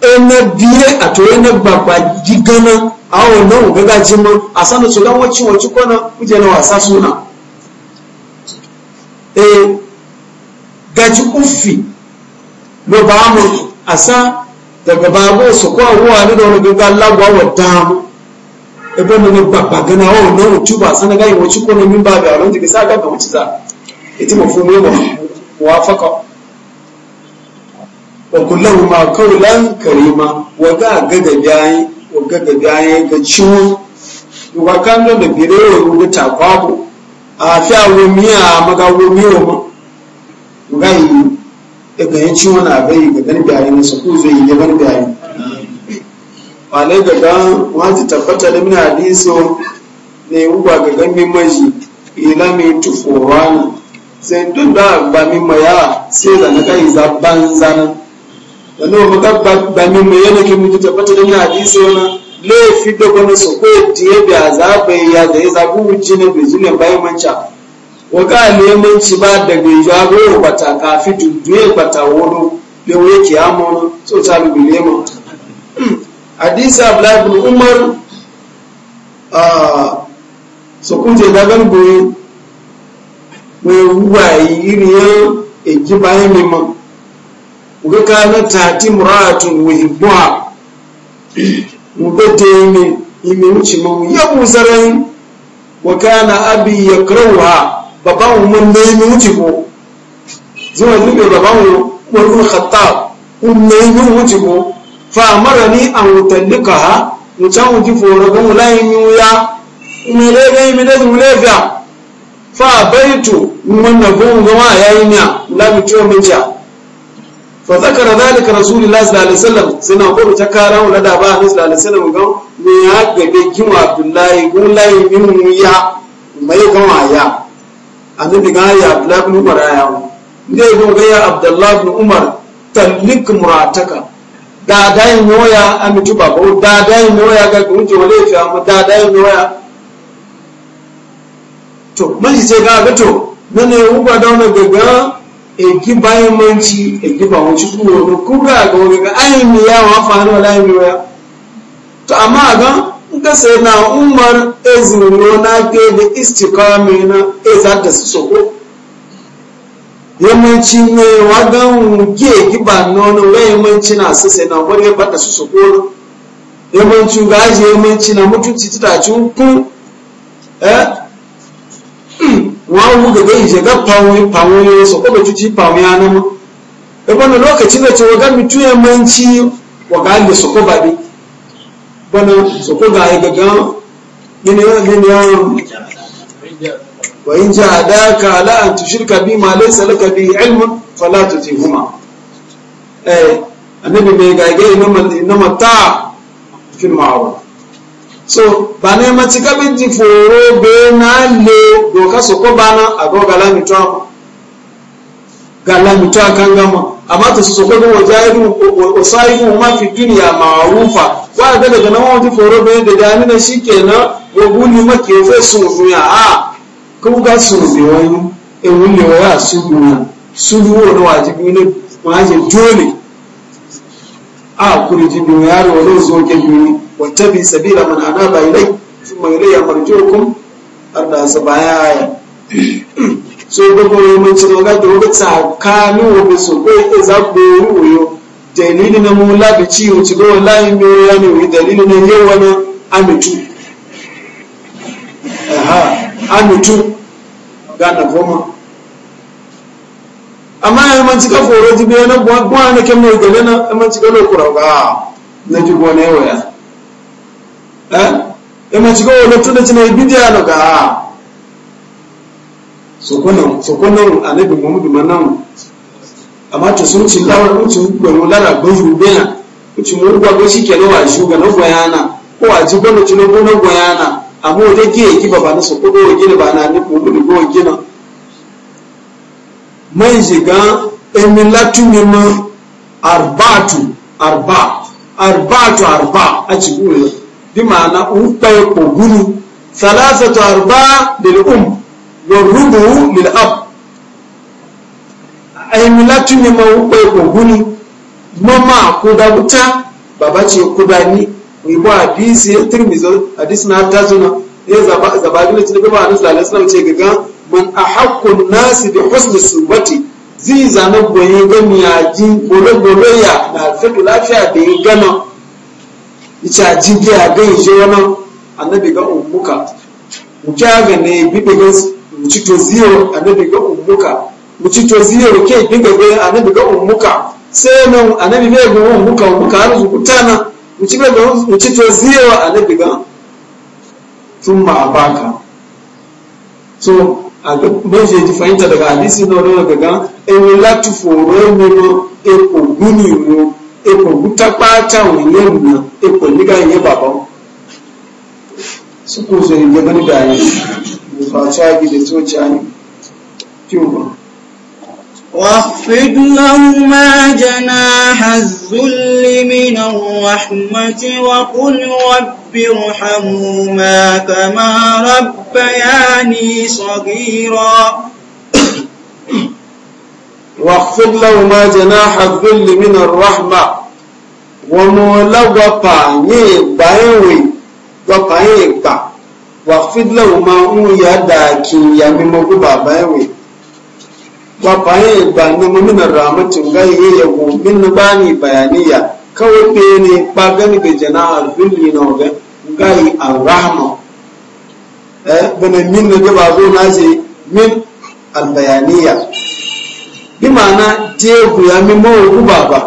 ene biye ato ene gbagba jigana awon nan ga ga ji mo asanu so ga wacin wacin kona kuje na wasa suna eh ji uffi lo ba mu asa daga babu su kwa ruwa ni da wani gaga lagwa wa damu ebe mu ne babba gana wa wannan rutu ba sana ga yawanci ko ne min ba ga wannan jiki sa ga ga wuce za ita mafumi wa wafaka wa kullahu ma kaulan karima wa ga ga da yayi wa ga da yayi ga ciwo wa kan da bire wa ga takwabu a fi awo miya maga wo miyo ma gai daga yin ciwon abai ga dan bayani na sako zai yi ban bayani malai Wane daga wani tabbata da mina hadiso ne uba ga gan min maji ila mai tuforani sai duk da ba min maya sai da na kai za banzana da nawa maka ba min maya ne ke mutu tabbata da mina hadiso na laifi da wani sako diye da zaɓe ya da ya zaɓi wuce ne bai zune bayan manca waka lemanci ba daga jago ya kwata kafi duduye kwata wuro da wuri ke amon so ta lubi leman hadisa abdullahi bin umar so kun je da gan boye mai ya iriyan e egi bayan neman wuri ka na tati muratun wuhibbuwa mubete ime Imin wuce mawu yabu sarayin wa kana abi yakrawa babban umar ne yi wuce ko zuwa zuɓe babban umar ne hatta umar ne yi wuce ko fa mara ni an wutallika ha can wuce fura ga mula yi mi wuya umar ne ga yi minas wule fiya fa bai to umar na gun gama a yi niya wula mi tuwa min ja fa zakara zalika rasulullahi sallallahu alaihi wasallam suna ko bi ta kara wula da ba hanis sallallahu alaihi wasallam ga mi ya ga bai gima abdullahi gun layi mi wuya mai gama ya annabi ga ya abdullahi ibn umar ya yawo ne go ga ya abdullahi ibn umar talik murataka da dai noya amitu ko da dai noya ga gunje wale fi amma da dai noya to mun ce ga ga to nan ne uba da wannan gaga e ki bayan manci e ki ba wuci ku ga ga ga ayi mi ya wa fa wala mi ya to amma ga nka sai na umar ezuru na ke da na eza da su soko yammanci ne wagan ke giba nono ga yammanci na su na wani ya bada su soko na ga aji yammanci na mutunci tita ci hukun eh wọn ije ga pawon yi soko da cuci pawon ya nama ya bane lokaci da ce wagan mutu yammanci wagan da soko ba dai bana so ko ga gaga gini ya gini ya wa in jahadaka ala an tushrika bi ma laysa laka bi ilmun fala tutihuma eh annabi bai ga ga inama inama ta fil ma'ruf so bana ma cika bin ji foro be na le doka so ko bana agoga la mitwa gala mitwa kangama amma ta to so ko wajahidu usaihu ma fi dunya ma'rufa ba ga daga nan wani foro bai da dani na shi kenan wabu ni make zai sun zuya a ah, ko ga sun bi wani e wule wa su duniya su zuwa da wajibi ne waje dole a kuri ji bin yaro wani zo ke duni wata bi sabila man ana ba ilai thumma ilayya marjukum arda ya so gbogbo mun ci ga da wata tsakanin wa su ko za ku ruwo dalili na mu labi ciwo ci gawa layin biyu ya ne wani dalili na yau wani amitu amitu ga na goma amma ya manci ka foro ji biyu na gwa na kyan mai gane na ya manci ka lokura ga na ji gona yawa ya eh? ya manci ka wani tuna ci na bidiya na ga sokonan sokonan annabi muhammadu manan amma ta sun ci lawan ci gano lara gbaju bena ci mu ruwa ke lawa ju ga na goyana ko a ji gano ci lawan na goyana amma wajen ke yaki ba ba na so kudu ba na ni ko wani gowa gina man shiga emi latu mi ma arbatu arba arbatu arba a ci gure di ma na u kpai ko gudu salasatu arba lil um wa rubu abu aimilatu ne ma wukpe goguni mama kuda wuta baba ce kuda ni wibo hadisi ya turmizo hadisi na ta zuna zaba zabagi na cikin ba hadisi lalai suna ce gaga man a hakkun nasi da husni subati zai zana goyi ga miyaji bolo-bolo ya na fito lafiya da ya gana ita jirgin a ga ishe wani annabi ga umuka muke aga ne bi bibigan mucito zero annabi ga umuka muci to siye ke kinga be annabi ga ummuka sai nan annabi be ga ummuka ummuka har su kutana muci ga muci to siye annabi ga thumma so ji fahimta daga hadisi na wani daga ewe lati foro mino epo guni pata na epo baba suku da yi ba ta gida to ci ani kyau واخفض لهما جناح الذل من الرحمة وقل رب ارحمهما كما ربياني صغيرا واخفض لهما جناح الذل من الرحمة ومولا وقعني بايوي وقعني واخفض لهما يداكي يا ميمو بايوي papa ye ba na mamina rahmatin eh, gai ye ya go min na bani bayaniya kawai be ne ba gani ga jana'a billi na ga gai arama eh bana min na ba zo na ce min albayaniya bi ma'ana tegu ya mi mawa guba ba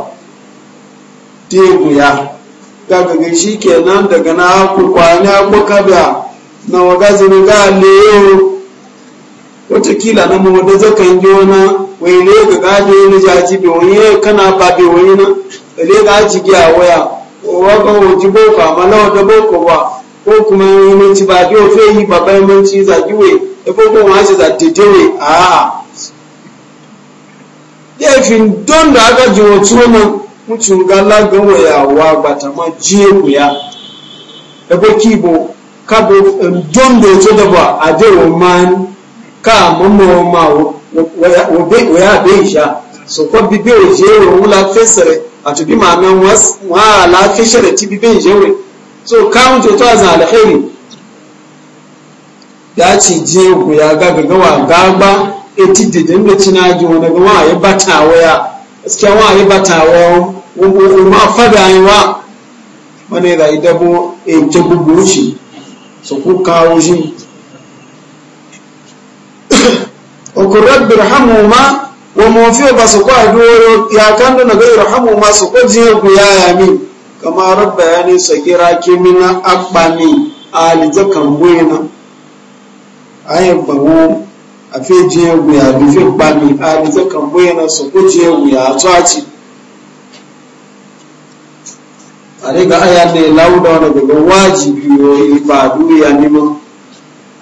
tegu ya gagaga shi kenan daga na haku kwani haku kabiya na wagazi ga leyo watakila na mu da zakan ji wai ne ga gaji wani jaji ya wani kana ba bai wani na ele ga ji giya waya wa ga wuji boko amma na wata boko ba ko kuma wani ci ba biyo fe yi babba yamanci giwe we e ma ci za we a laifin don da ji na ga ba ya ebe e don da wato da ba a káà mọ́mọ́ ọmọ òyà àbẹ́ ìṣá sọ̀kọ́ bíbẹ́ òṣè òun la fẹ́sẹ̀rẹ̀ àti bí màmá wọn á la fẹ́sẹ̀rẹ̀ tí bíbẹ́ ìṣe wẹ̀ so káwọn tó tó àzàn àlẹ́fẹ́rì ya ci je ya ga gagawa gagba eti dede da cina ji wani ga wa ya bata waya gaskiya wa ya bata waya ma fada yi wani ga idabo e ke so ku kawo shi okun rabbi rahamuma wa mafi ba su kwa duworo ya kan duna ga rahamuma su ko jiye ku ya yami kama rabba ya ne sakira ke mina akpani a alije kan buena ayi bawo a fi jiye ku ya bi fi kpani a alije kan buena su ko jiye ku ya to a ci a ga aya ne lauda wani daga wajibi yoyi ba duniya neman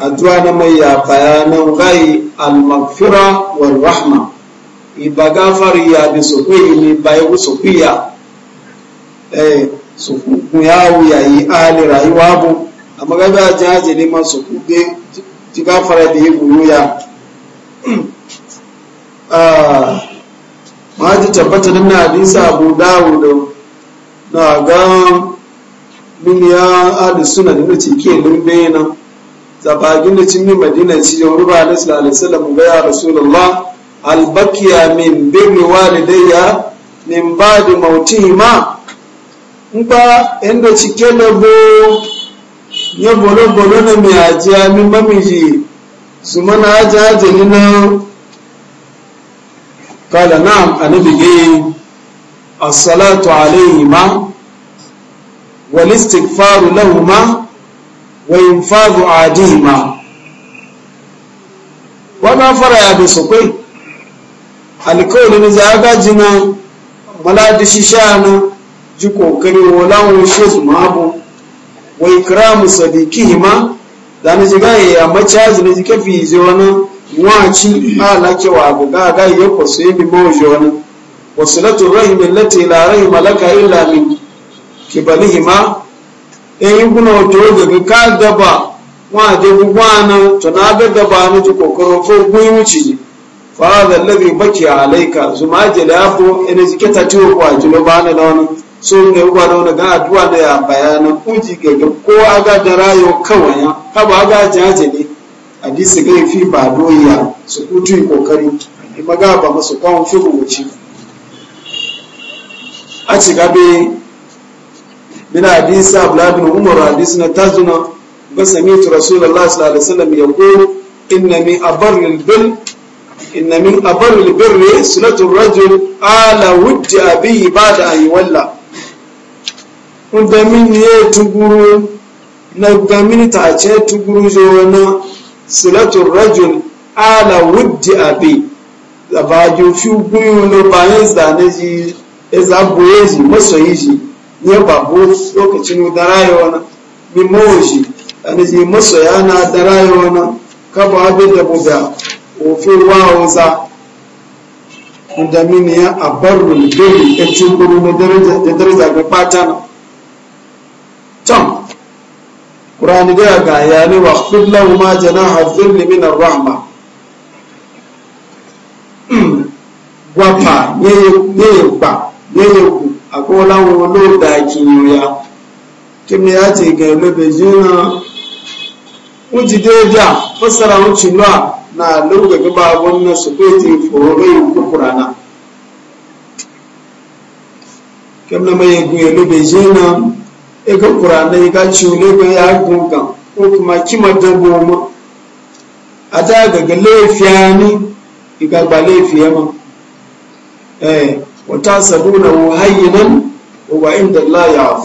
addu'a na mai ya bayanan gai al-maghfira wal rahma iba gafari ya bi su kuyi ni ya su kuya eh su kuyawu yi ali rayuwa bu amma ga ba jaje ne ma su kuge ti gafara da yi ya ah ma ji tabbata nan na hadisa abu dawud na ga min ya adu sunan da ke lumbe nan zabagin da cin madina shi ya wuri ba da sallallahu alaihi wasallam ga ya rasulullah albakiya min birni walidayya min ba'di mautihima in ba inda cike na bo ya bolo bolo na mi ajiya mi mamiji su mana aji aji ni na kala na'am annabi ge as-salatu alaihima wal istighfaru lahumu wa infazu adihima wannan fara ya da sakwai alkawali na za a gaji na maladi shi sha na ji kokari walawo shi su mabu wa ikramu sadikihima da na shiga ya mace haji na ji kafi zai wani waci alakewa ga ga ya kwaso ya bi mawaje wani wasu latin rahimin lati la rahima laka illa min kibalihima eyi kuna wato daga ka gaba wa da gwana to na ga gaba na ji kokoro ko gwi wuce fa da alladhi baki alayka zuma jalafo ina jike ta tiwo ko ajilo ba na da wani so ne uba da wani ga addu'a da ya bayana kuji ga ko aga da rayo ya ka ba ga jaje ne hadisi ga fi ba doya su kutu kokari ga ba musu kwan furuci a ci gabe من حديث عبد الله بن عمر حديثنا تازنا بسميت رسول الله صلى الله عليه وسلم يقول إن من أبر البر إن من أبر البر صلة الرجل على ود أبيه بعد أن يولى ودمين يتغرو ندمين تعجي تغرو جوانا صلة الرجل على ود أبيه zabajo fi gwiwa na bayan zane ji ya zabuye ji masoyi ji ya babu lokacin da rayuwa na min mawaji ana ji masoya na da rayuwa na ka ba abin da buga ofin wawanza da mini ya abarru gari ya cimburu na daraja ga fata na tom ƙurani da ga yare wa kullum ma jana hafin limin rahma hmm. gwapa ne ya gba ne ya gu akwai lawon lo da kiniya kim ya ce ga lobe jina wuce deja fassara wuce lo na lobe gaba wannan su kwete fororai kukurana kim na mai gwe lobe jina ega kurana ega cule ga ya gunga ko kuma kima dabo ma a ta ni iga ba laifiya ma eh wata sabuna هو عند الله Allah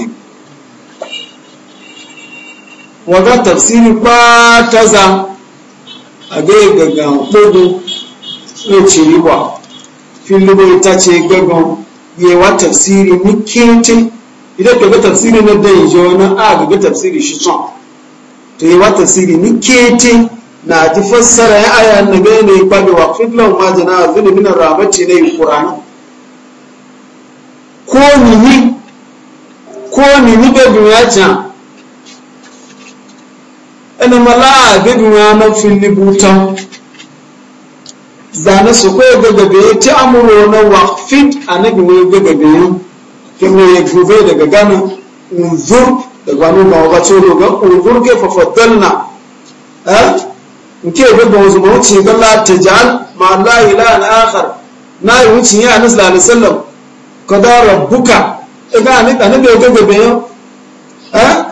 وذا تفسير waga tafsiri ba ta za a ga gaggan kogo ya ce riwa tafsiri ni idan ka ga tafsiri na dan jo na a ga tafsiri shi can to wa tafsiri ni kete, na ji fassara ya aya na ga ne kwadewa fitlan majana zulmin rahmati ne qur'ani ko nini ko nini be dunya can ina mala be dunya na fili buta zana su ko ga gabe ti amuro na waqfit anabi ne ga gabe kuma ya gobe daga gana unzur da gwanu ba wa to ga unzur ke fa fadalna eh nke be ba wasu mawuci ga la tajal ma la ilaha akhar na yi wuci ya nabi sallallahu kọdáàrọ̀ búkà ẹgbẹ́ àníkà níbi ogó gbègbè yán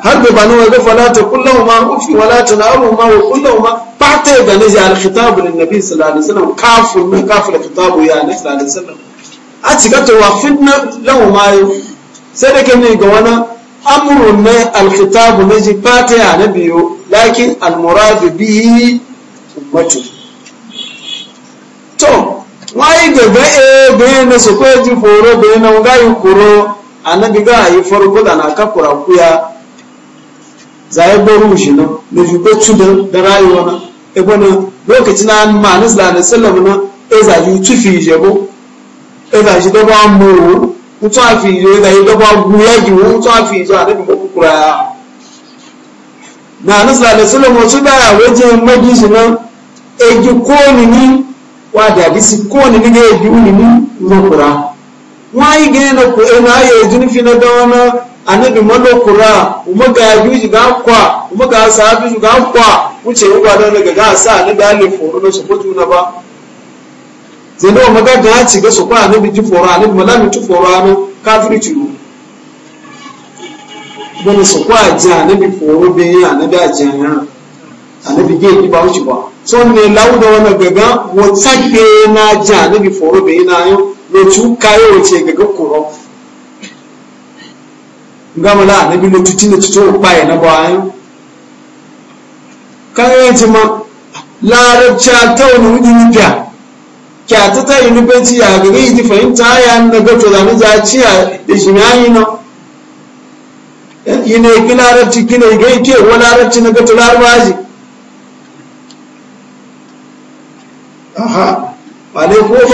hàgbègbà ní wọn gbẹ́fọ́ láti kúlọ̀wọ́ máa máa wò alìkítàbù ní nàbí wai ga e bayan na su ji foro na gayi kuro annabi ga yi farko da na kakura kuya zai baro shi nan da jugo tudun da rayuwa na na lokaci na manis da na na e zaji tufi yi da fi ije annabi ko ya na anis na da ya na wa da hadisi ko ni ga yi ulimi na kura wa yi ga na ku ina ya jin fi na da wana annabi malo kura kuma ga yuji ga kwa kuma ga sahabi ga kwa wuce uba da ne ga sa ni da le foro na sokoto na ba zai da maga da ya ci ga su kwa annabi ji foro annabi malami ji foro anu kafiri ci wani su kwa ji annabi foro bin yi annabi ajiyan yana annabi ge ki ba wuce ba so ne lauda wani gaga wata ke na ja na bi foro bai na yau lotu kayo wace gaga kuro gama la na bi lotu tina tuto baye na bayan kayo yace ma larabci ta wani wudi nufiya kyata ta yi nufanci ya gaga yi fahimta ya na gato da ni za ci ya da shi yi na yi ne ki larabci ki ne ga ike wa larabci na gato larabaji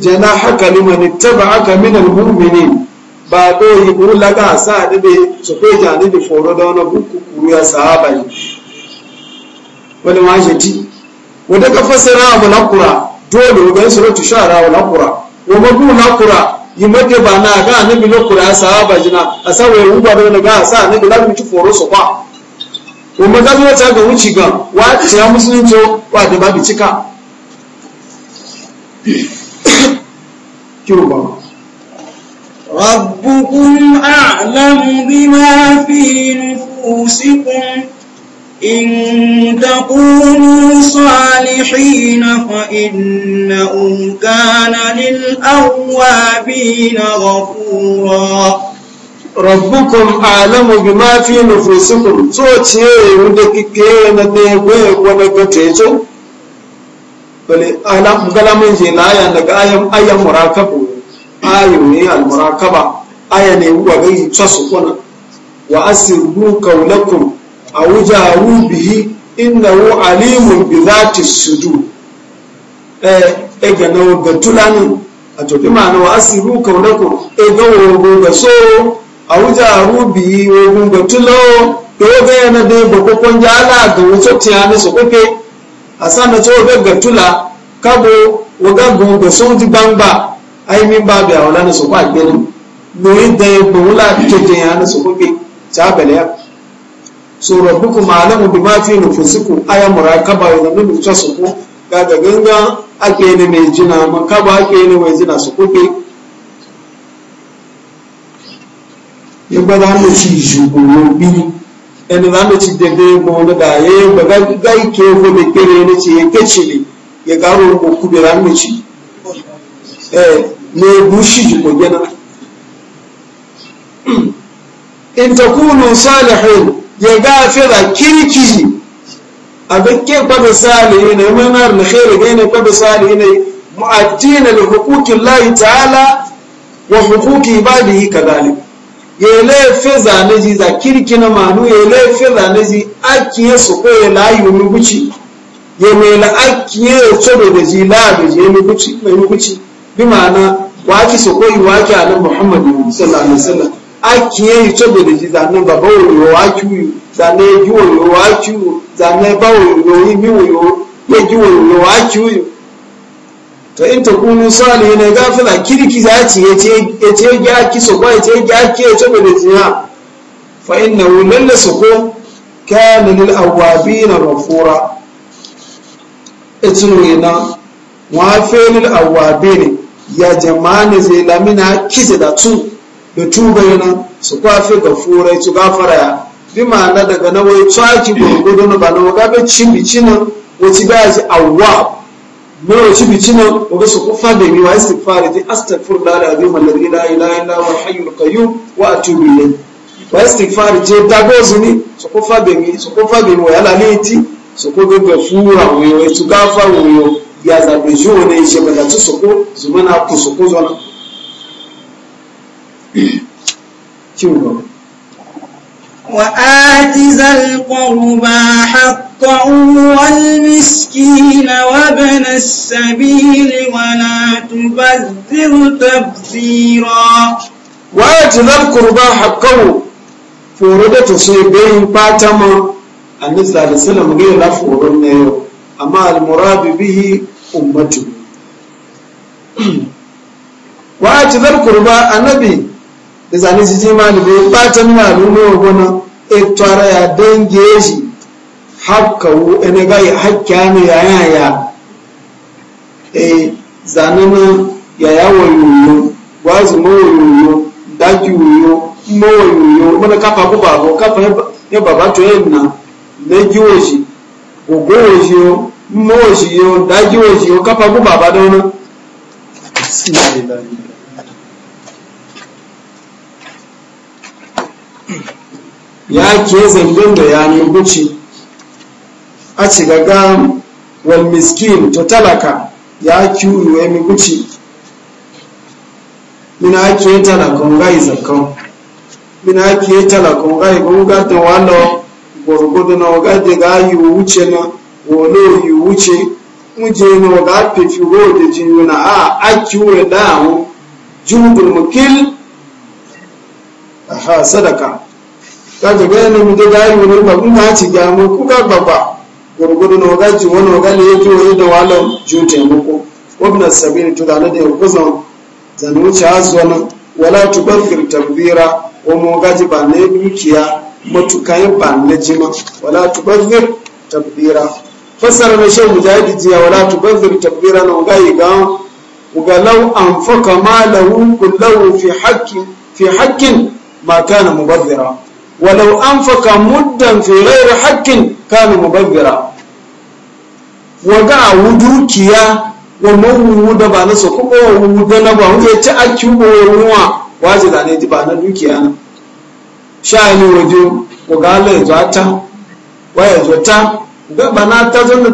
jana haka taba taba'aka min almu'minin ba do yi ula ga sa da su ko jani da foro da wani buku kuru ya sahaba ne wani ma shi ti wanda ka fasara abu na kura dole ga suratu shara wa na kura wa mabu na kura yi made ba na ga annabi na kura sahaba jina a sa wai uba da wani ga sa annabi la mu ci foro su kwa wa magazo ta ga wuce ga wa ta musulunci wa da babu cika كيوبا ربكم أعلم بما في نفوسكم إن تكونوا صالحين فإنه كان للأوابين غفورا rabbukum alamu bima fi nufusikum so ce wanda kike na ne goye ko na gace to bale alamu galamin ya daga ayan ayan murakabu ayo ne almurakaba aya ne wa gai tsasu kuna wa asirru qawlakum aw jaru bihi innahu alimun bi dhati sudur eh e ga no ga a to bi ma'ana wa asirru qawlakum e ga e wo ga so aw jaru bihi wo ga tulo to ga yana da ba ko jala ga wato ne su kuke asana to ga ga tula kabo wa ga go ga so di bamba ai min babu ya wala na su kwa gani noyin da ya wula keke ya na su kuke cabale ya so rabbukum malamu bima fi nufusikum aya murakaba ya ko ga ga ganga ake ne mai jina makaba ake ne mai jina su ya ba da mu ci shugaban biyu ẹni lánà ti dẹ̀dẹ̀ mọ̀ ọ́nà dàáyé gbàgbà ìké ogun lè kéré ẹni ne gushi ji ko gina salihin kirki abin ke kwada salihin ne na khairu ga ne kwada salihin ne mu'addina li ta'ala wa huquqi ibadihi kadhalik za kirki na manu ya lefe zane akiye su ko ya layu akiye ji la ji bimana ma'ana waki koyi waki a nan muhammadu sallallahu alaihi wasallam aki yẹn yìí tóbi lè di zane yi òyìnbó ne yi zane ju òyìnbó wájú yìí zane bá òyìnbó yi mi yi. yẹ ju òyìnbó wájú yi to in ta kunu sọ́ọ̀lì yìí náà gáfẹ́lá kiriki zaci etí ẹgbẹ́ ce ya etí ẹgbẹ́ aki etí ce ya zina fa ina wò lẹ́lẹ̀ sọ́kọ́ kẹ́ẹ̀ni ní na rọ̀fọ́ra. ètùnú yìí náà wọ́n á ya jama'ani zai lamina kisa da tu da tu bayana su kwafi ga furai su gafara ya bi ma'ana daga na wai tsaki gurgudu na ba na waga bai wace ba ji awwa na wace bici su kufa da yi wa istighfar ji astaghfir da la azim alladhi la ilaha da huwa hayyul qayyum wa wa su kufa da yi su kufa da yi wa su fura su gafara ya zaɓe shi wani shi ba da ci soko zuma na ku soko zona kiwo وآت ذا القربى حقه والمسكين وابن السبيل ولا تبذر تبذيرا وآت ذا القربى حقه فوردة سيبين باتما النبي صلى الله عليه وسلم غير لا فورد amma almuradu bihi ummatu wa a cizar kurba annabi da zane su ji da bai na nuna al'umma wa gona e ya dange shi hakkawo ene ga hakkiya ne ya yaya e zane na yaya wa yoyo gwazi ma wa yoyo daki yoyo ma wa yoyo mana kafa ku babo kafa ya baba to yin na na giwo shi gogo shi mo òṣìyẹ dájú òṣìyẹ kápákó bàbá dáná ya ke zangon da ya nubuci a ci wal miskin to talaka ya kiwu ya nubuci mina ke talakon gai zakon mina ke talakon gai da wano gwargwado na wuce na wolo yi wuce muje na waga fefi da jini na a aki wa da ahu jubul mukil aha sadaka kaga ga yana mu da gari wani ba kun ga ci ga mu ga baba gurgudu na waga ci wani waga ne yake wani da walan jute muku wabna sabini to da na da kuzan zanuci azwana wala tu tubakhir tabdira wa mu gaji ba ne dukiya matukai ba na jima wala tu tubakhir tabdira fassara na shehu mujahidi jiya wala tubadhir tabbira na ngai ga uga law anfaqa malahu kullahu fi haqqi fi haqqin ma kana mubadhira walau anfaqa muddan fi ghairi haqqin kana mubadhira waga wudukiya wa mawu da ba na so ko wa wudu da na ba mu ya ci akki mu ruwa waje da ne ba na dukiya na sha ni wudu ko ga Allah ya zata zata ga bana ta zo na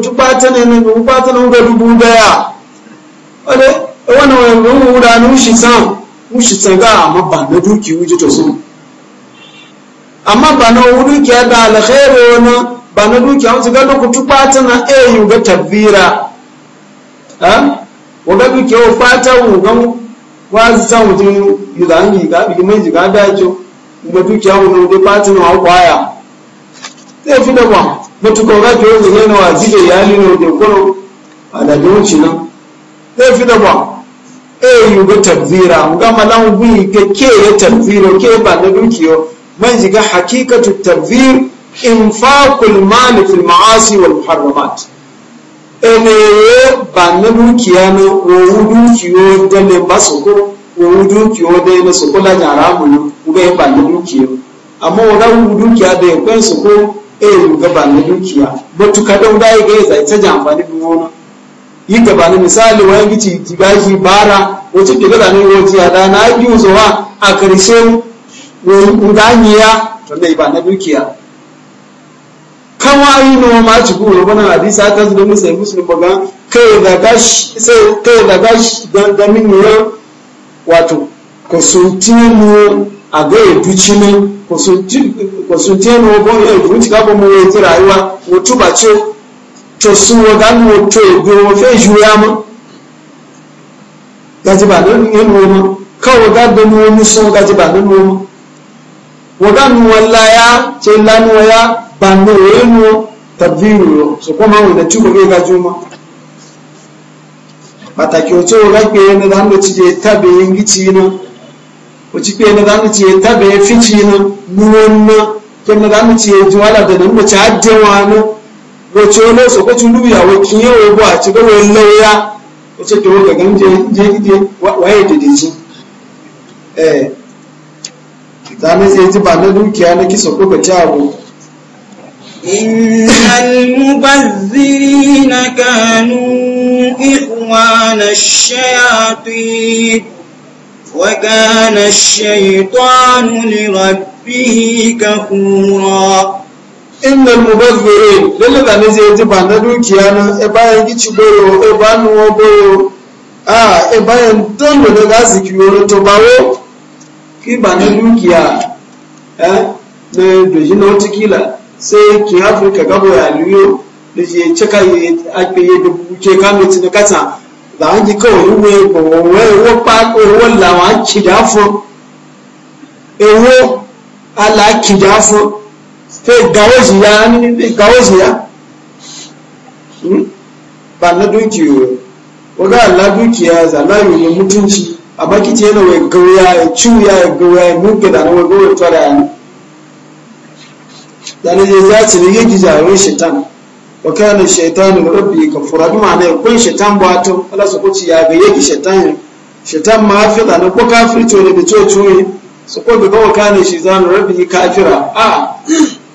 tubata ne nan ga ta nan ga dubu daya wale wani wani mu wuda nu shi san mu shi san ga amma ba na duki wuji to so amma ba na wudu ki da alkhairu wana ba na duki an su ga ku tubata na e yu ga tabbira ha wa ga duki wa fata wu ga wa san wuji yu da ni ga bi mai ji ga dajo mu duki an wudu fata na kwaya sai fi da ba mutuka wakati wewe neno ajije yali da dunci nan na fi da ba eh yi tabzira tabbira lan bi ke ke ya tabbira ke ba da dukiyo man ga hakikatu tabzir infaqul mali fil ma'asi wal muharramat ya ba na dukiya ne dunci dukiyo da ne basoko dunci dukiyo da ne sokola jaramu ne uga ba na yau amma wo dukiya da ya su ko eh gaba na dukiya batuka don bai ga zai ta jamfani bin wona yi gaba na misali wani gici gigashi bara wace ke gaba ne wace ya da na biyu zuwa a karshe nganiya wanda ba na dukiya kama yi noma ci gura wani hadisa ta zuwa musayi musulun baga kai da gashi da min wato ka sunti mu a ga ya duci ne kwasunte ne wagon ya duci ka kuma ya ti rayuwa wato ba ce to su ya biyo wafe juya ma gaji ba don yin noma kawai wagan da sun gaji ba noma walla ya ce lanuwa ya ba ya nuwa tabbiru yo so kuma wanda tuba ga gaji ma pàtàkì ọjọ́ ìrágbé ẹni láńlọ ti uci pe na zamu ce ta be fici na buwonna ke na zamu ce juwala da nan mace haddewa na wace wani so ko tun duya wa kiyo wa ba ci ga wani lauya wace to ga ganje je je waye da dinji eh zane sai ji ba na dukiya na kisa ko ba ci abu إن المبذرين كانوا إخوان الشياطين وكان الشيطان لربه كفورا inna mubazzirin lalle da ne zai ji ba na dukiya na e bayan gici goyo a e bayan da ga to bawo na dukiya eh sai ki gabo ya liyo da je cika ye akpe ye da kasa làwọn jí kọ́ òwúwe òwúwe owó pákó owó làwọn kìdá fún owó alákìdá fún fẹ́ gàwọ́sì hmm? ya ní gàwọ́sì ya ba na dukiyo waga la dukiya zalayu ne mutunci a bakici yana wai gauya ya ciwuya ya ya da na wai gauya tsara ya ne da na je za su ne wa kana shaytanu li rabbi kafura bi ma'ana kun shaytan ba to Allah su kuci ya ga yake shaytan shaytan ma da na ko kafirci ne da ne su ko bi wa kana shaytanu rabbi kafira a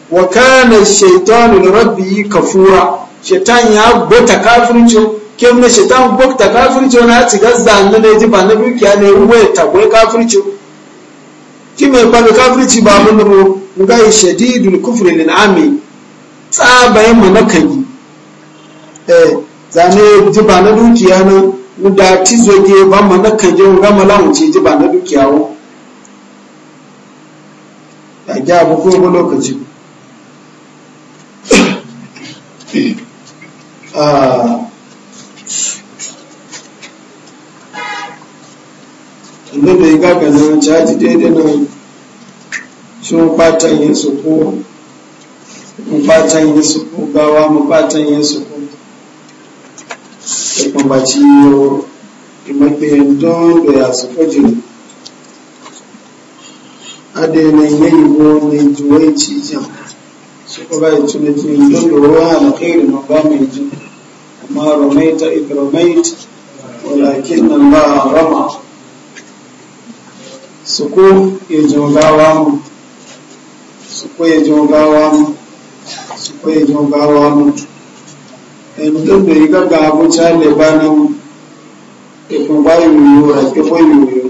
wa kana shaytanu li rabbi kafura shaytan ya gota kafirci kemne shaytan gota kafirci na ci gazza nan ne ji ba na dukiya ne ruwa ta goyi kafirci kime ba kafirci ba mun mu ga shadidul kufri lil amin tsabayin mu na yi eh zane jiba na dukiya na, da da tizoge ba mu na kai mu ga mu ce jiba na dukiya wo ya ga bu ko mu lokaci ah inda da ya gaga nan caji daidai nan shi fatan yin su ko mufatan yin suku gawa mufatan yin suku da kumbaci yau imakiyin don da ya suku jini ya yi ko ne juwai cijan suku ga yi tunakin don da ruwa na kairi ma ba mai jini amma romaita ikromaita walakin nan ba rama suku ya jogawa mu suku ya jogawa mu oye jin gawa mutu eh, mutum da yi gaga abuja lebanon ikon ba yoyo a kifo yoyo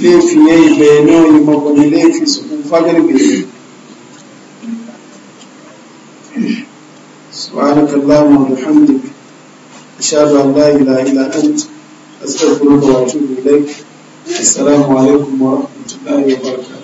laifin ya yi bayanin yi makwani laifin su kun fagar bayanin سبحانك اللهم وبحمدك أشهد أن